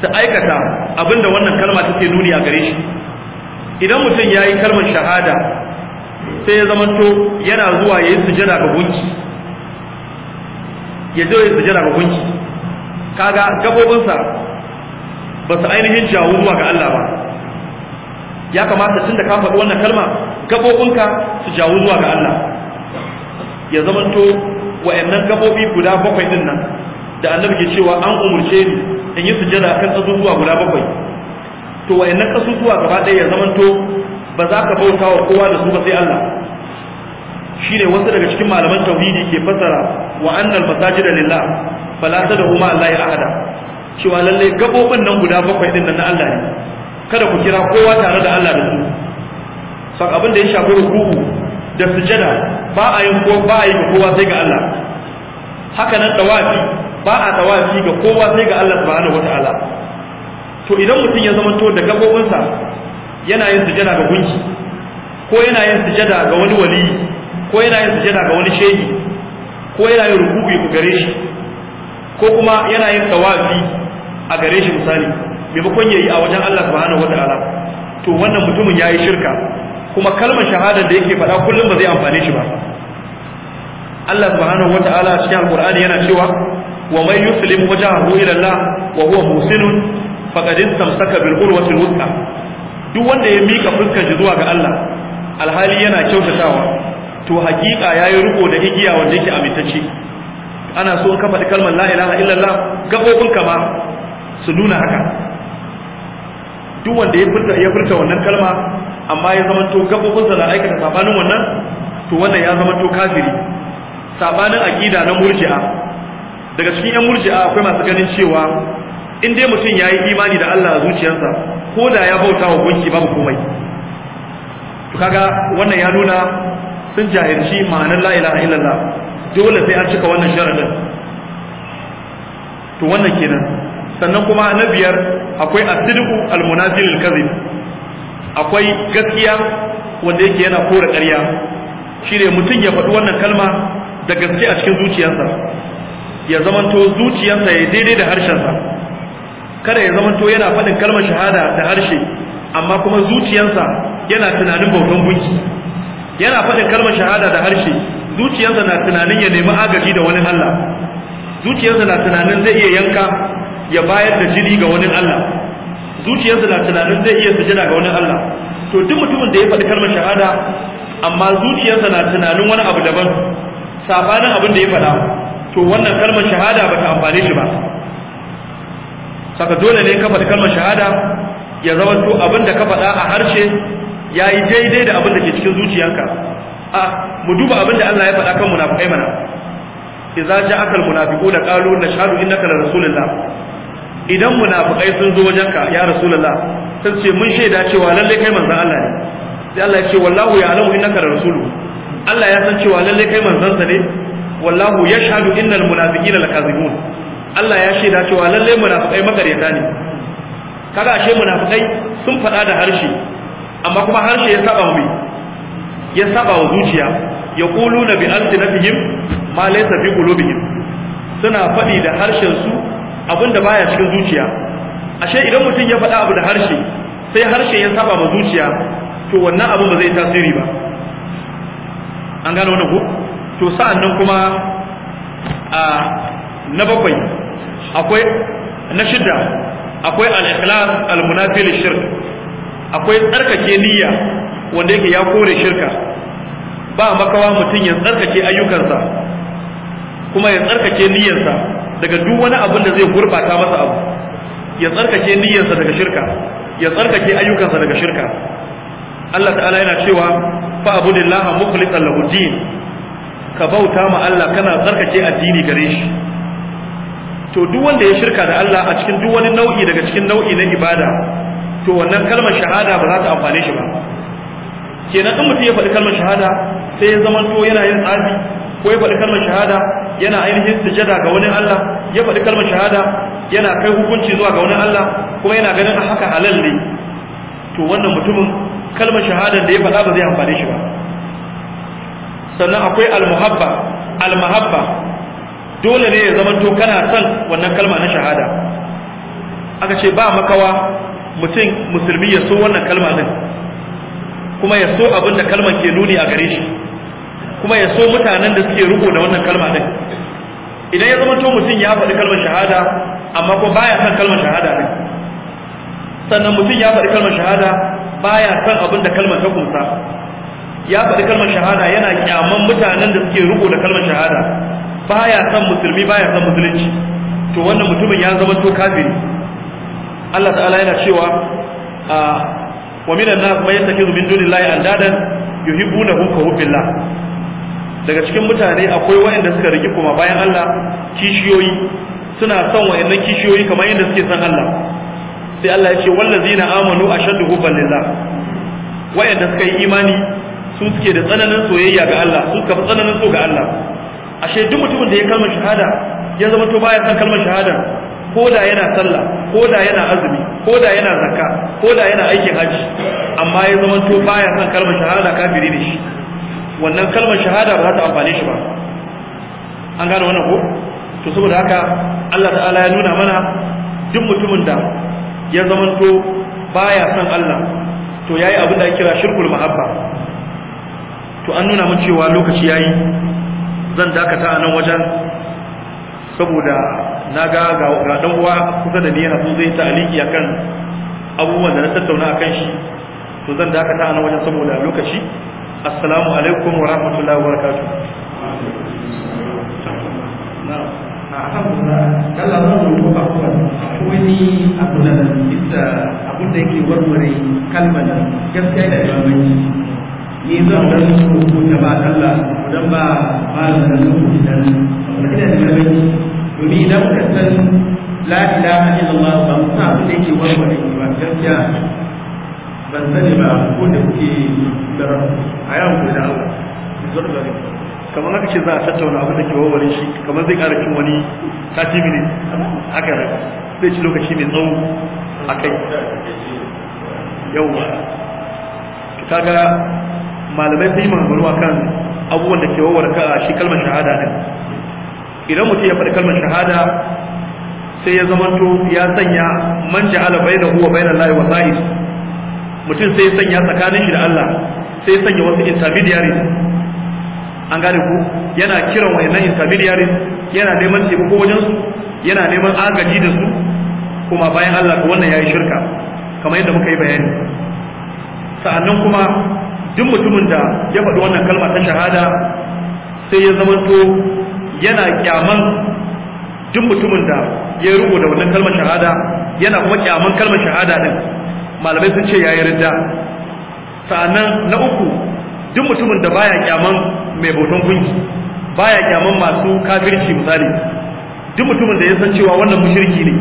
su aikata abinda wannan kalma take nuni a gare shi idan mutum ya yi kalmar shahada sai ya zamanto yana zuwa ya yi sujada ga gunki ya sujada ga gunki kaga gabobinsa ba su ainihin jawo zuwa ga Allah ba ya kamata tun da ka faɗi wannan kalma gaɓoɓinka su jawo zuwa ga Allah ya zamanto wa'annan gaɓoɓi guda bakwai din nan da annabi ke cewa an umurce ni in yi sujada kan ƙasusuwa guda bakwai to wa'annan ƙasusuwa gaba ɗaya ya zamanto ba za ka bauta wa kowa da su ba sai Allah shine wasu daga cikin malaman tauhidi ke fassara, wa annal masajida lillah fala tad'u ma allahi ahada cewa lalle gabobin nan guda bakwai din nan na Allah ne kada ku kira kowa tare da Allah da su sak abin da ya shafi ruku da sujada ba a yin kowa ba a yi kowa sai ga Allah haka nan tawafi ba a tawafi ga kowa sai ga Allah subhanahu wataala to idan mutum ya zama to da gabobinsa yana yin sujada ga gunki ko yana yin sujada ga wani wali ko yana yin sujada ga wani shehi ko yana yin ruku'i ku gare shi ko kuma yana yin tawafi a gare shi misali maimakon yayi a wajen Allah subhanahu ta'ala to wannan mutumin ya yi shirka kuma kalmar shahada da yake faɗa kullum ba zai amfane shi ba Allah subhanahu wataala cikin alqur'ani yana cewa wa man yuslim wajhahu ila Allah wa huwa Musinun, faqad istamsaka bil urwatil wuthqa duk wanda ya mika fuskar shi zuwa ga Allah alhali yana kyautatawa to hakika yayi riko da igiya wanda yake amintacce ana so ka faɗi kalmar la ilaha illallah ka ma su nuna haka duk wanda ya furta ya furta wannan kalma amma ya zama to gaɓoɓinsa na aikata sabanin wannan to wannan ya zama to kafiri sabanin aqida na murji'a daga cikin yan murji'a akwai masu ganin cewa in dai mutum yayi imani da Allah a zuciyarsa ko da ya bauta wa gunki babu komai to kaga wannan ya nuna sun jahilci ma'anar la ilaha illallah dole sai an cika wannan sharadin to wannan kenan sannan kuma na biyar akwai asidu almunafil alkazib akwai gaskiya wanda yake yana kore ƙarya shine mutum ya faɗi wannan kalma da gaske a cikin zuciyarsa ya zamanto zuciyarsa ya daidai da harshensa kada ya zamanto yana faɗin kalmar shahada da harshe amma kuma zuciyarsa yana tunanin bautan bunki. yana faɗin kalmar shahada da harshe zuciyarsa na tunanin ya nemi agaji da wani Allah zuciyarsa na tunanin zai iya yanka ya bayar da jini ga wani Allah zuciyarsa na tunanin zai iya sujada ga wani Allah to duk mutumin da ya faɗi kalmar shahada amma zuciyarsa na tunanin wani abu daban sabanin abin da ya faɗa to wannan kalmar shahada ba ta amfane shi ba saka dole ne ka faɗi kalmar shahada ya zama to abin da ka faɗa a harshe ya yi daidai da abin da ke cikin zuciyarka a mu duba abin da Allah ya faɗa kan munafikai mana idza ja'aka almunafiquna qalu shahadu innaka la rasulullah idan munafikai sun zo wajenka ya rasulullah sun ce mun shaida cewa lalle kai manzon Allah ne sai Allah ya ce wallahu ya'lamu innaka la rasuluhu Allah ya san cewa lalle kai manzon sa ne wallahu yashhadu innal munafiqina kadhibun Allah ya shaida cewa lalle munafikai makaryata ne kaga ashe munafikai sun faɗa da harshe amma kuma harshe ya saba mu ya saba wa zuciya ya na bi alsinatihim ma laysa fi qulubihim suna faɗi da harshen su abinda baya cikin zuciya ashe idan mutum ya faɗa abu da harshe sai harshe ya saba ma zuciya to wannan abu ba zai tasiri ba an gano wani ko to sa'an nan kuma a na bakwai akwai na shida akwai al-ikhlas al-munafi Shirk, akwai tsarkake niyya wanda yake ya kore shirka ba makawa mutum ya tsarkake ayyukansa kuma ya tsarkake niyyarsa daga duk wani abin da zai gurbata masa abu ya tsarkake niyyarsa daga shirka ya tsarkake ayyukansa daga shirka Allah ta'ala yana cewa fa abudillaha mukhlishan lahu din ka bauta ma Allah kana tsarkake addini gare shi to duk wanda ya shirka da Allah a cikin duk wani nau'i daga cikin nau'i na ibada to wannan kalmar shahada ba za ta amfane shi ba kenan in mutum ya faɗi kalmar shahada sai ya zama to yana yin tsafi ko ya faɗi kalmar shahada yana ainihin sujada ga wani Allah ya faɗi kalmar shahada yana kai hukunci zuwa ga wani Allah kuma yana ganin haka halal ne to wannan mutumin kalmar shahada da ya faɗa ba zai amfane shi ba sannan akwai almuhabba mahabba dole ne ya zama to kana son wannan kalma na shahada aka ce ba makawa mutum musulmi ya so wannan kalma din kuma ya so abin da kalmar ke nuni a gare shi kuma ya so mutanen da suke riko da wannan kalma din idan ya zama to mutum ya faɗi kalmar shahada amma ko baya son kalmar shahada din sannan mutum ya faɗi kalmar shahada baya son abin da kalmar ta kunsa ya faɗi kalmar shahada yana kyaman mutanen da suke riko da kalmar shahada baya son musulmi baya son musulunci to wannan mutumin ya zama to kafiri Allah ta'ala yana cewa a ah, wa minan nas man yattakhidhu min dunillahi andadan yuhibbunahum ka hubbillah daga cikin mutane akwai waɗanda suka riki kuma bayan Allah kishiyoyi suna son waɗannan kishiyoyi kamar yadda suke son Allah sai Allah ya ce wallazina amanu ashaddu hubban lillah waɗanda suka yi imani su suke da tsananin soyayya ga Allah su ka tsananin so ga Allah ashe duk mutumin da ya kalmar shahada ya zama to baya son kalmar shahada ko da yana sallah ko da yana azumi ko da yana zakka ko da yana aikin haji amma ya zama to baya san kalmar shahada kafiri ne shi wannan kalmar shahada ba za ta amfane shi ba an gane wannan ko to saboda haka Allah ta'ala ya nuna mana duk mutumin da ya zama to baya san Allah to yayi abin da kira shirkul mahabba to an nuna mun cewa lokaci yayi zan dakata a nan wajen saboda na ga ga dan uwa kusa da ni yana so zai aliki akan abubuwan da na tattauna akan shi to zan dakata a nan wajen saboda lokaci assalamu alaikum wa rahmatullahi wa barakatuh alhamdulillah kalla zan rubuto abubuwa akwai wani abu nan bisa abu da yake warware kalmar gaskiya da yawanci ni zan dan ta ba Allah dan ba ba da rubuta dan ina da yawanci domin idan ka san la ilaha illallah ba mu sa abin da warware ne ba gaskiya ban sani ba ko da kuke da a yau ku da Allah kamar haka ce za a tattauna abin da ke warware shi kamar zai kara cin wani sati mini haka zai ci lokaci mai tsawo a kai yauwa kaga malamai sun yi maganganu akan abubuwan da ke warware ka shi kalmar shahada ne idan mutum ya faɗi kalmar shahada sai ya zamanto ya sanya man ja'ala bainahu wa bainal lahi wa sa'id mutum sai ya sanya tsakanin shi da Allah sai ya sanya wasu intermediaries an gane ku yana kiran wayannan intermediaries yana neman taimako wajen su yana neman agaji da su kuma bayan Allah to wannan yayi shirka kamar yadda muka yi bayani sa'annan kuma duk mutumin da ya faɗi wannan kalma ta shahada sai ya zamanto yana kyaman duk mutumin da ya rubuta wannan kalmar shahada yana kuma kyaman kalmar shahada din malamai sun ce yayi ridda sa'annan na uku duk mutumin da baya kyaman mai bautan gunki baya kyaman masu kafirci misali duk mutumin da ya san cewa wannan mushriki ne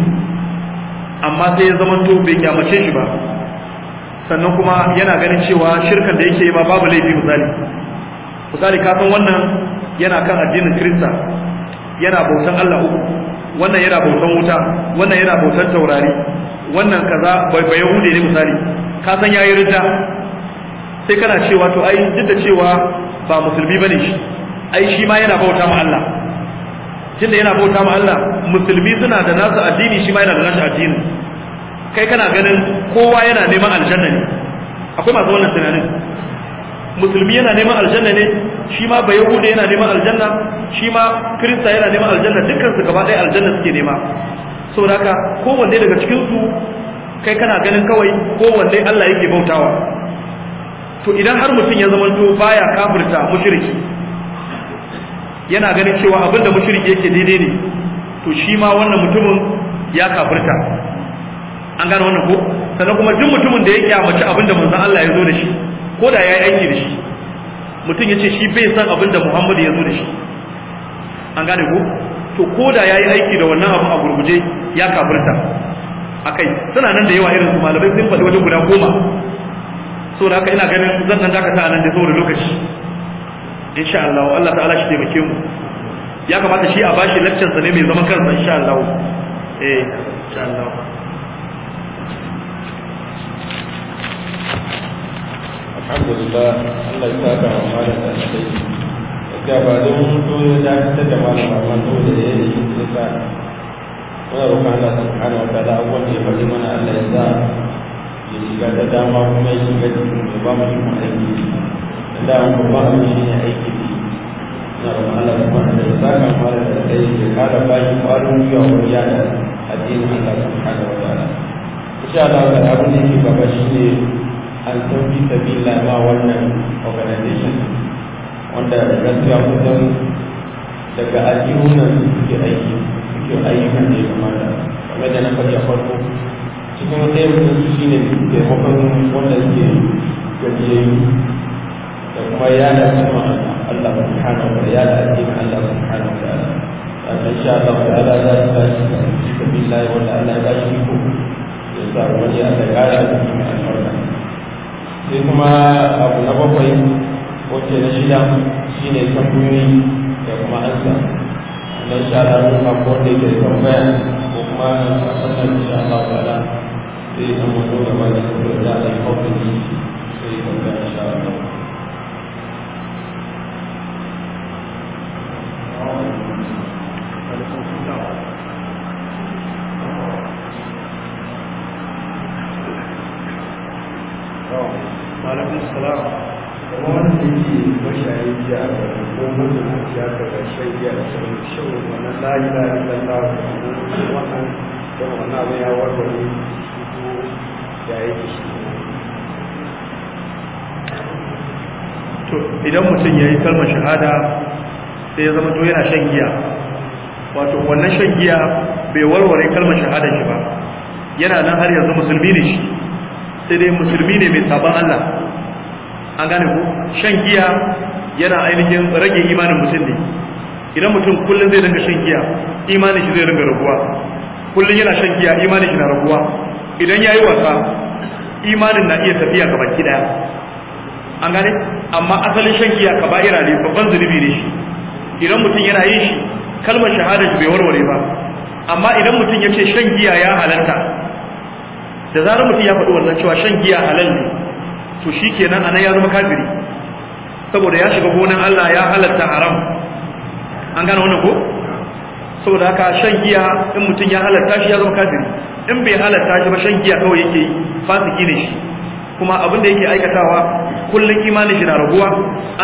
amma sai ya zama to bai kyamace shi ba sannan kuma yana ganin cewa shirkan da yake yi ba babu laifi misali misali kafin wannan yana kan addinin kirista yana bautan Allah uku wannan yana bautan wuta wannan yana bautan taurari wannan kaza bai bai hude ne misali ka san yayi ridda sai kana cewa to ai duk da cewa ba musulmi bane shi ai shi ma yana bauta ma Allah tunda yana bauta ma Allah musulmi suna da nasu addini shi ma yana da nasu addini kai kana ganin kowa yana neman aljanna ne akwai masu wannan tunanin musulmi yana neman aljanna ne shi ma bai yahuda yana neman aljanna shi ma kirista yana neman aljanna dukkan su gaba ɗaya aljanna suke nema saboda ko kowanne daga cikin su kai kana ganin kawai kowanne Allah yake bautawa to idan har mutum ya zama to baya kafirta mushriki yana ganin cewa abinda mushriki yake daidai ne to shi ma wannan mutumin ya kafirta an gane wannan ko sannan kuma jin mutumin da ya kyamaci abinda manzon Allah ya zo da shi ko da ya yi aiki da shi mutum ya ce shi bai san abin da muhammadu ya zo da shi an gane ko to ko da ya yi aiki da wannan abu a gurguje ya kafirta kai suna nan da yawa irin su malamai sun faɗi wajen guda goma so da haka ina ganin zan nan dakata a nan da saboda lokaci insha Allah Allah ta'ala shi taimake mu ya kamata shi a bashi lecture sa ne mai zaman kansa insha Allah eh insha Allah alhamdulillah Allah ya saka wa malam da shi da ba don to ya dakatar da malam amma to da ya yi shi sa muna roƙon Allah subhanahu wa ta'ala abubuwan da ya faɗi mana Allah ya sa ya shiga da dama kuma ya shiga da ya ba mu ikon aiki da an kuma abu shi ne aiki ne na roƙon Allah subhanahu wa ta'ala saka malam da shi ya kara ba shi ƙwarin gwiwa wajen yada addinin Allah subhanahu wa ta'ala insha Allah abin da yake gaba shi ne al'ummi sabila ba wannan organization wanda gaskiya kusan daga al'umman suke aiki suke ayyukan da ya kamata kamar da na faɗi a farko cikin wata ɗaya mutum shi ne taimakon wanda suke gajiyayyu da kuma ya da kuma Allah ba hana wa ya da ake na Allah ba hana wa ta'ala dan sha Allah ta'ala za su tashi da billahi wanda Allah ya tashi ko ya sa wani ya ya ƙara da kuma albarka sai kuma abu na bakwai wace na shida shi ne tambayoyi da kuma ansa na sha da rufa ko da ke tambaya ko kuma a sannan sha Allah ta'ala sai ya zama dole ma da su da da kawai sai tambaya da Allah salam kuma wanda yake mashayi biya a gari ko mutum a ciya ka ga shai biya da shan shan wannan layi da yi ya zanta wannan da wannan abin ya warware su ko ya yake shi to idan mutum ya yi kalmar shahada sai ya zama to yana shan giya wato wannan shan giya bai warware kalmar shahada shi ba yana nan har yanzu musulmi ne shi sai dai musulmi ne mai sabon Allah an gane ku shan giya yana ainihin rage imanin mutum ne idan mutum kullum zai dinga shan giya imanin shi zai dinga raguwa kullum yana shan giya imanin shi na raguwa idan ya yi wasa imanin na iya tafiya ga baki daya an gane amma asalin shan giya ka ba'ira ne babban zunubi ne shi idan mutum yana yin shi kalmar shahada bai warware ba amma idan mutum ya ce shan giya ya halarta da zarar mutum ya faɗi wannan cewa shan giya halal ne to shi kenan anan ya zama kafiri saboda ya shiga gonan Allah ya halatta haram an gane wannan ko saboda haka shan giya in mutum ya halatta shi ya zama kafiri in bai halatta shi ba shan giya kawai yake yi fasiki ne shi kuma abin da yake aikatawa kullum imanin shi na rabuwa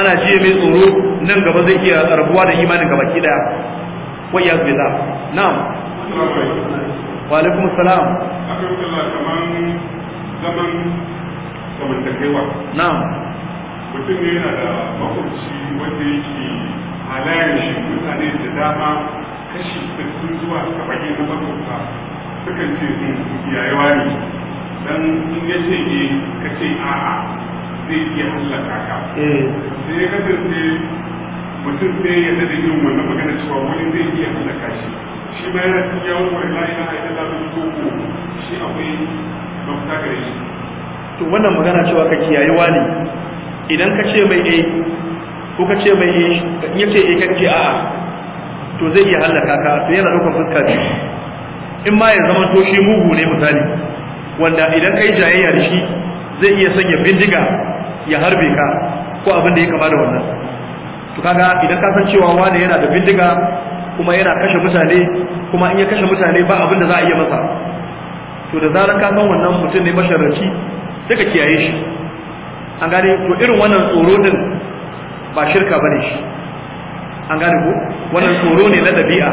ana jiye mai tsoro nan gaba zai iya rabuwa da imanin gaba ki daya wa ya billah na'am wa alaikum assalam akwai kaman zaman zamantakewa na mutum ne yana da makwabci wanda yake halayen shi mutane da dama kashi sittin zuwa saba'in na makwabta sukan ce hmm, yayawa ne dan in ya ce ne eh, ka ce a'a zai iya hallaka ka eh. sai ya kasance mutum sai ya da yin wannan magana cewa wani zai iya hallaka shi shi ma yana cikin yawon wani la'ila a ita lafi koko shi akwai mafita gare shi to wannan magana cewa ka kiyayewa ne idan ka ce mai eh ko ka ce mai eh yi ce eh ce a'a to zai iya halaka ka to yana ɗaukar fuska ne in ma ya zama to shi mugu ne misali wanda idan kai jayayya da shi zai iya sanya bindiga ya harbe ka ko abin da ya kama da wannan to kaga idan ka san cewa wani yana da bindiga kuma yana kashe mutane kuma in ya kashe mutane ba abin da za a iya masa to da zarar ka san wannan mutum ne masharranci ka kiyaye shi an gane to irin wannan tsoro din ba shirka bane shi an gane ko wannan tsoro ne na dabi'a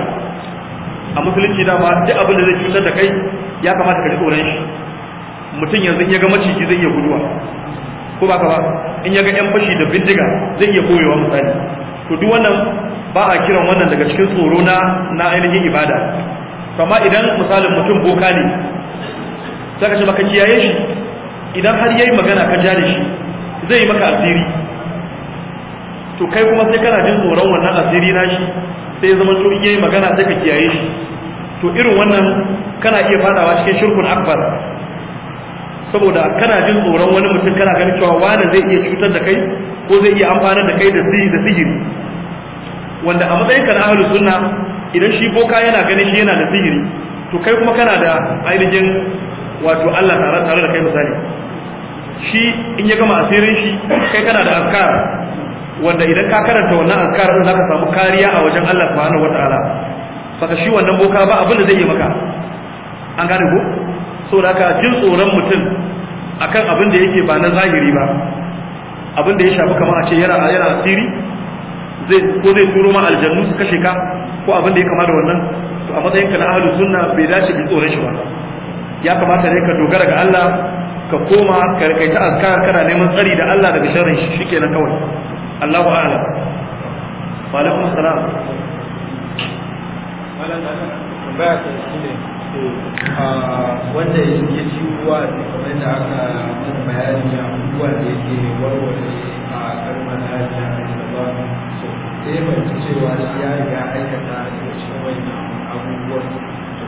a musulunci da ba duk abin da zai cutar da kai ya kamata ka ji tsoron shi mutum yanzu ya ga maciji zai iya guduwa ko ba ka ba in ya ga yan fashi da bindiga zai iya koyewa misali to duk wannan ba a kiran wannan daga cikin tsoro na na ainihin ibada kama idan misalin mutum boka ne sai ka ce maka kiyaye shi idan har yayi magana ka ja da shi zai yi maka asiri to kai kuma sai kana jin tsoron wannan asiri na shi sai ya zama to in yayi magana sai ka kiyaye shi to irin wannan kana iya fadawa cikin shirkun akbar saboda kana jin tsoron wani mutum kana ganin cewa wani zai iya cutar da kai ko zai iya amfana da kai da sihiri da sihiri wanda a matsayin na ahlus sunna idan shi boka yana ganin shi yana da sihiri to kai kuma kana da ainihin wato Allah tare tare da kai misali shi in ya gama asirin shi kai kana da azkar wanda idan ka karanta wannan azkar din zaka samu kariya a wajen Allah subhanahu wataala saka shi wannan boka ba abin da zai yi maka an gane ko so da ka jin tsoron mutum akan abin da yake ba na zahiri ba abin da ya shafi kamar a ce yana yana asiri zai ko zai turo ma aljannu su kashe ka ko abin da ya kama da wannan to a matsayin ka na ahlus sunna bai dace bi tsoron shi ba ya kamata ne ka dogara ga Allah ka koma ka rikaita azkar kana neman tsari da Allah daga sharrin shi shikenan kawai Allahu a'lam wa alaikum salam tambaya ta shine wanda ya ci ruwa da kamar da aka mun bayani abubuwa da ke warware a kalmar lafiya a shaba so sai ban cewa shi ya riga aikata da cikin wannan abubuwan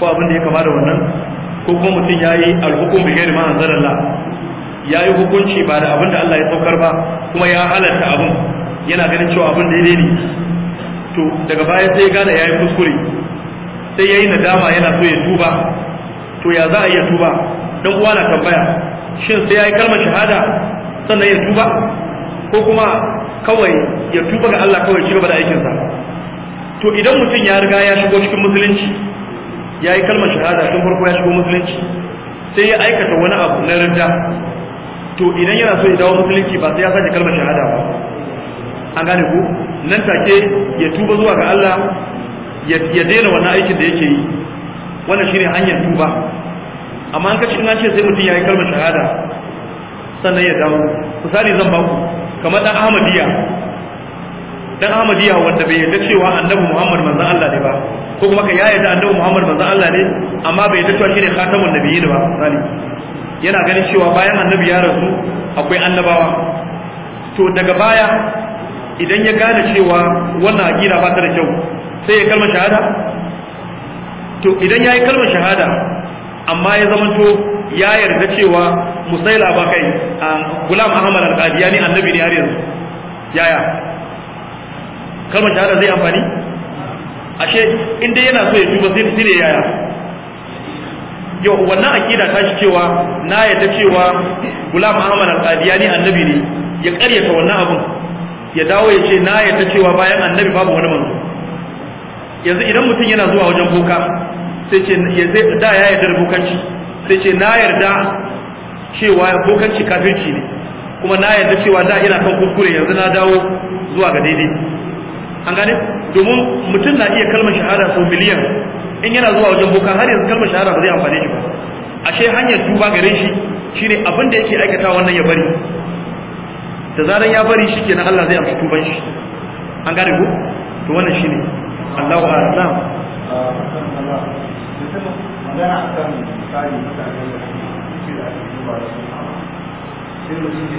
ko abin da ya kama da wannan ko kuma mutum ya yi alhukum bi ghairi ya yi hukunci ba da abin da Allah ya saukar ba kuma ya halatta abin yana ganin cewa abin daidai ne to daga baya sai ya gane ya yi kuskure sai ya yi nadama yana so ya tuba to ya za a iya tuba dan uwa na tambaya shin sai ya yi kalmar shahada sannan ya tuba ko kuma kawai ya tuba ga Allah kawai shi gaba da aikinsa to idan mutum ya riga ya shigo cikin musulunci ya yi kalmar shahada tun farko ya shigo musulunci sai ya aikata wani abu na rinda to idan yana so ya dawo musulunci ba sai ya sake kalmar shahada ba an gane ku nan take ya tuba zuwa ga Allah ya daina wannan aikin da yake yi wannan shine hanyar tuba amma an kace ina ce sai mutum ya yi kalmar shahada sannan ya dawo misali zan ba ku kamar dan Ahmadiyya dan Ahmadiyya wanda bai yarda cewa Annabi Muhammad manzon Allah ne ba ko kuma ka yarda Annabi Muhammad manzon Allah ne amma bai yarda cewa shine khatamun nabiyyin ba misali yana ganin cewa bayan Annabi ya rasu akwai annabawa to daga baya idan ya gane cewa wannan aqida ba ta da kyau sai ya kalmar shahada to idan yayi kalmar shahada amma ya zamanto ya yarda cewa musaila ba kai ah, gulam ahmad al-qadiyani annabi ne har yanzu yaya kalmar shahada zai amfani ashe in dai yana so ya duba sai sai yaya yau wannan akida ta shi cewa na yadda cewa gulam ahmad al-qadiyani annabi ne ya karyata wannan abun ya dawo ya ce na yadda cewa bayan annabi babu wani manzo yanzu idan mutum yana zuwa wajen boka sai ce ya zai da ya yarda da bokanci sai ce na yarda cewa bokanci kafirci ne kuma na yarda cewa da ina kan kuskure yanzu na dawo zuwa ga daidai an gane domin mutum na iya kalmar shahada sau miliyan in yana zuwa wajen boka har yanzu kalmar shahada ba zai amfane shi ba ashe hanyar duba gare shi shine abin da yake aikata wannan ya bari da zaran ya bari shi kenan Allah zai amfani tuban shi an gane ko to wannan shine Allahu a'lam magana akan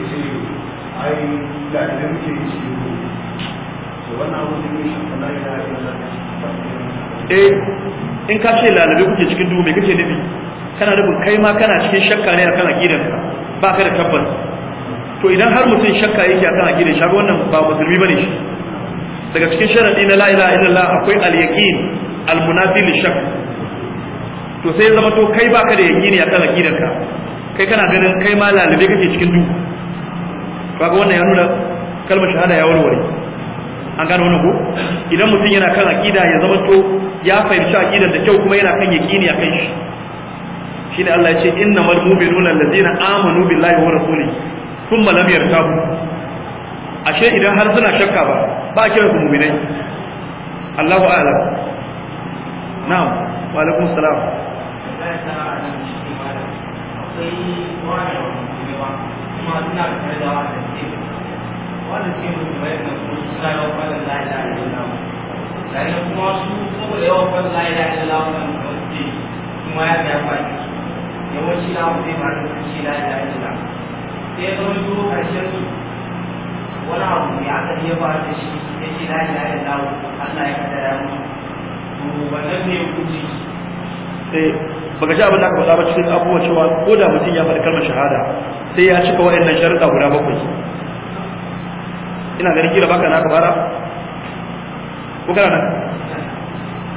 da ai da muke shi eh in ka ce lalabe kuke cikin duhu mai kake nufi kana nufin kai ma kana cikin shakka ne akan aqidar ka ba ka da tabbas to idan har mutum shakka yake akan aqidar shi wannan ba musulmi bane shi daga cikin sharadi na la ilaha illallah akwai al-yaqin al-munafi shakk to sai zama to kai ba ka da yaqini akan aqidar ka kai kana ganin kai ma lalabe kake cikin duhu kaga wannan ya nuna kalmar shahada ya warware an gano wani ko idan mutum yana kan aqida ya zama to ya fahimci aqidan da kyau kuma yana kan yaqini a kan shi shine Allah ya ce innamal mu'minuna allazina amanu billahi wa rasulihi thumma lam yartabu ashe idan har suna shakka ba ba kira su mu'minai Allahu a'lam na'am wa alaikum salam akwai kuma suna da wannan sai mu bayar da su suna da wannan la ilaha illallah dan kuma su saboda yawan wannan la ilaha illallah wannan kawai kuma ya ga ba yawanci na mu zai mara da shi la ilaha illallah sai ya zama duro karshen wani abu ya aka iya ba da shi ya ce la ilaha illallah Allah ya kaddara mu to wannan ne hukunci eh baka ji abin da aka faɗa ba cikin abubuwa cewa ko da mutum ya faɗi kalmar shahada sai ya cika waɗannan sharuɗa guda bakwai ina ganin kila baka naka bara ko kana nan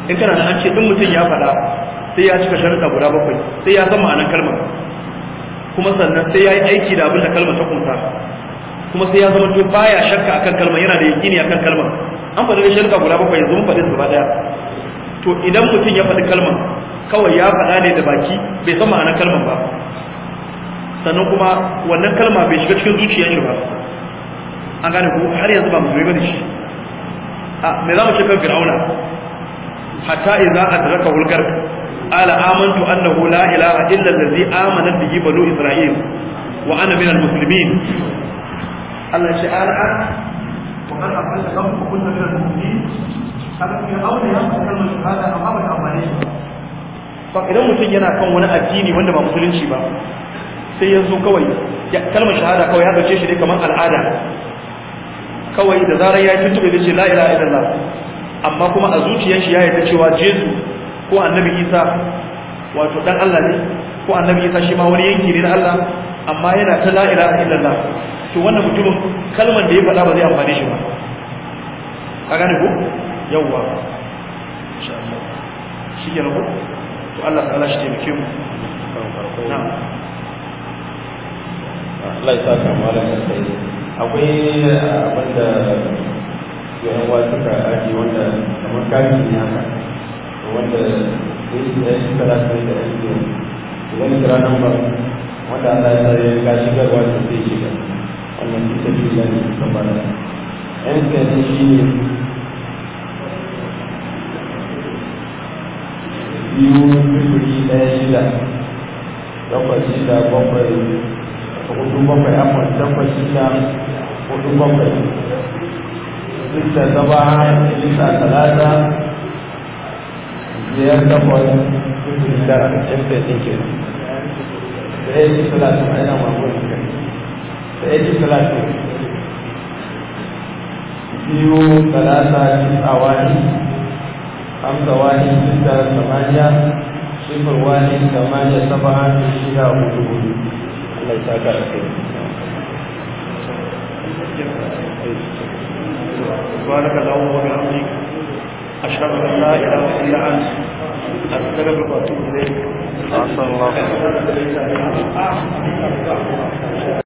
in kana nan an ce duk mutum ya faɗa sai ya cika sharuɗa guda bakwai sai ya san ma'anar kalmar kuma sannan sai ya yi aiki da abin da kalmar ta kunta kuma sai ya zama to baya shakka akan kalmar yana da yakini akan kalmar an faɗi sharuɗa guda bakwai yanzu mun faɗi su gaba ɗaya to idan mutum ya faɗi kalmar kawai ya faɗa ne da baki bai san ma'anar kalmar ba sannan kuma wannan kalma bai shiga cikin zuciyar shi ba an gane ko har yanzu ba musulmi bane shi me za mu ce kan fir'auna hatta idza adraka hulgar ala amantu annahu la ilaha illa allazi amana bihi banu isra'il wa ana minal muslimin Allah ya ce ala wa qad afalla lakum kunna minal muslimin kada fir'auna ya faɗa kalmar shahada amma bai amfane shi ba idan mutum yana kan wani addini wanda ba musulunci ba sai yanzu kawai kalmar shahada kawai ya ɗauke shi ne kamar al'ada kawai da zarar ya fito da ce la ilaha illallah amma kuma a zuciyar shi ya yarda cewa Jesu ko Annabi Isa wato dan Allah ne ko Annabi Isa shi ma wani yanki ne na Allah amma yana ta la ilaha illallah to wannan mutumin kalmar da ya faɗa ba zai amfane shi ba ka gane ko yawwa insha Allah shi ke rabu to Allah ta'ala shi take mu na Allah ya ka malam sai akwai eh, abinda yawan wasu ka aji wanda kamar kari ne haka wanda ya shi kara sai da yan biyu idan kira nan ba wanda ana yi tare ga shigarwa da zai shiga wannan ita biyu ne kamar yan tsaye shi ne biyu sifiri ɗaya shida takwas shida bakwai hudu bakwai amma takwas shida hudu bakwai lissa gaba lissa talata biyar takwas lissa tara ɗanfe ɗin ke da ya ci talatin a yana magon da ya ci talatin biyu talata tisa wani amsa wani tisa samaniya shifar wani samaniya saba shida hudu hudu Allah ya saka a kai سبحانك اللهم وبحمدك أشهد أن لا إله إلا أنت أستغفرك وأتوب إليك أحسن الله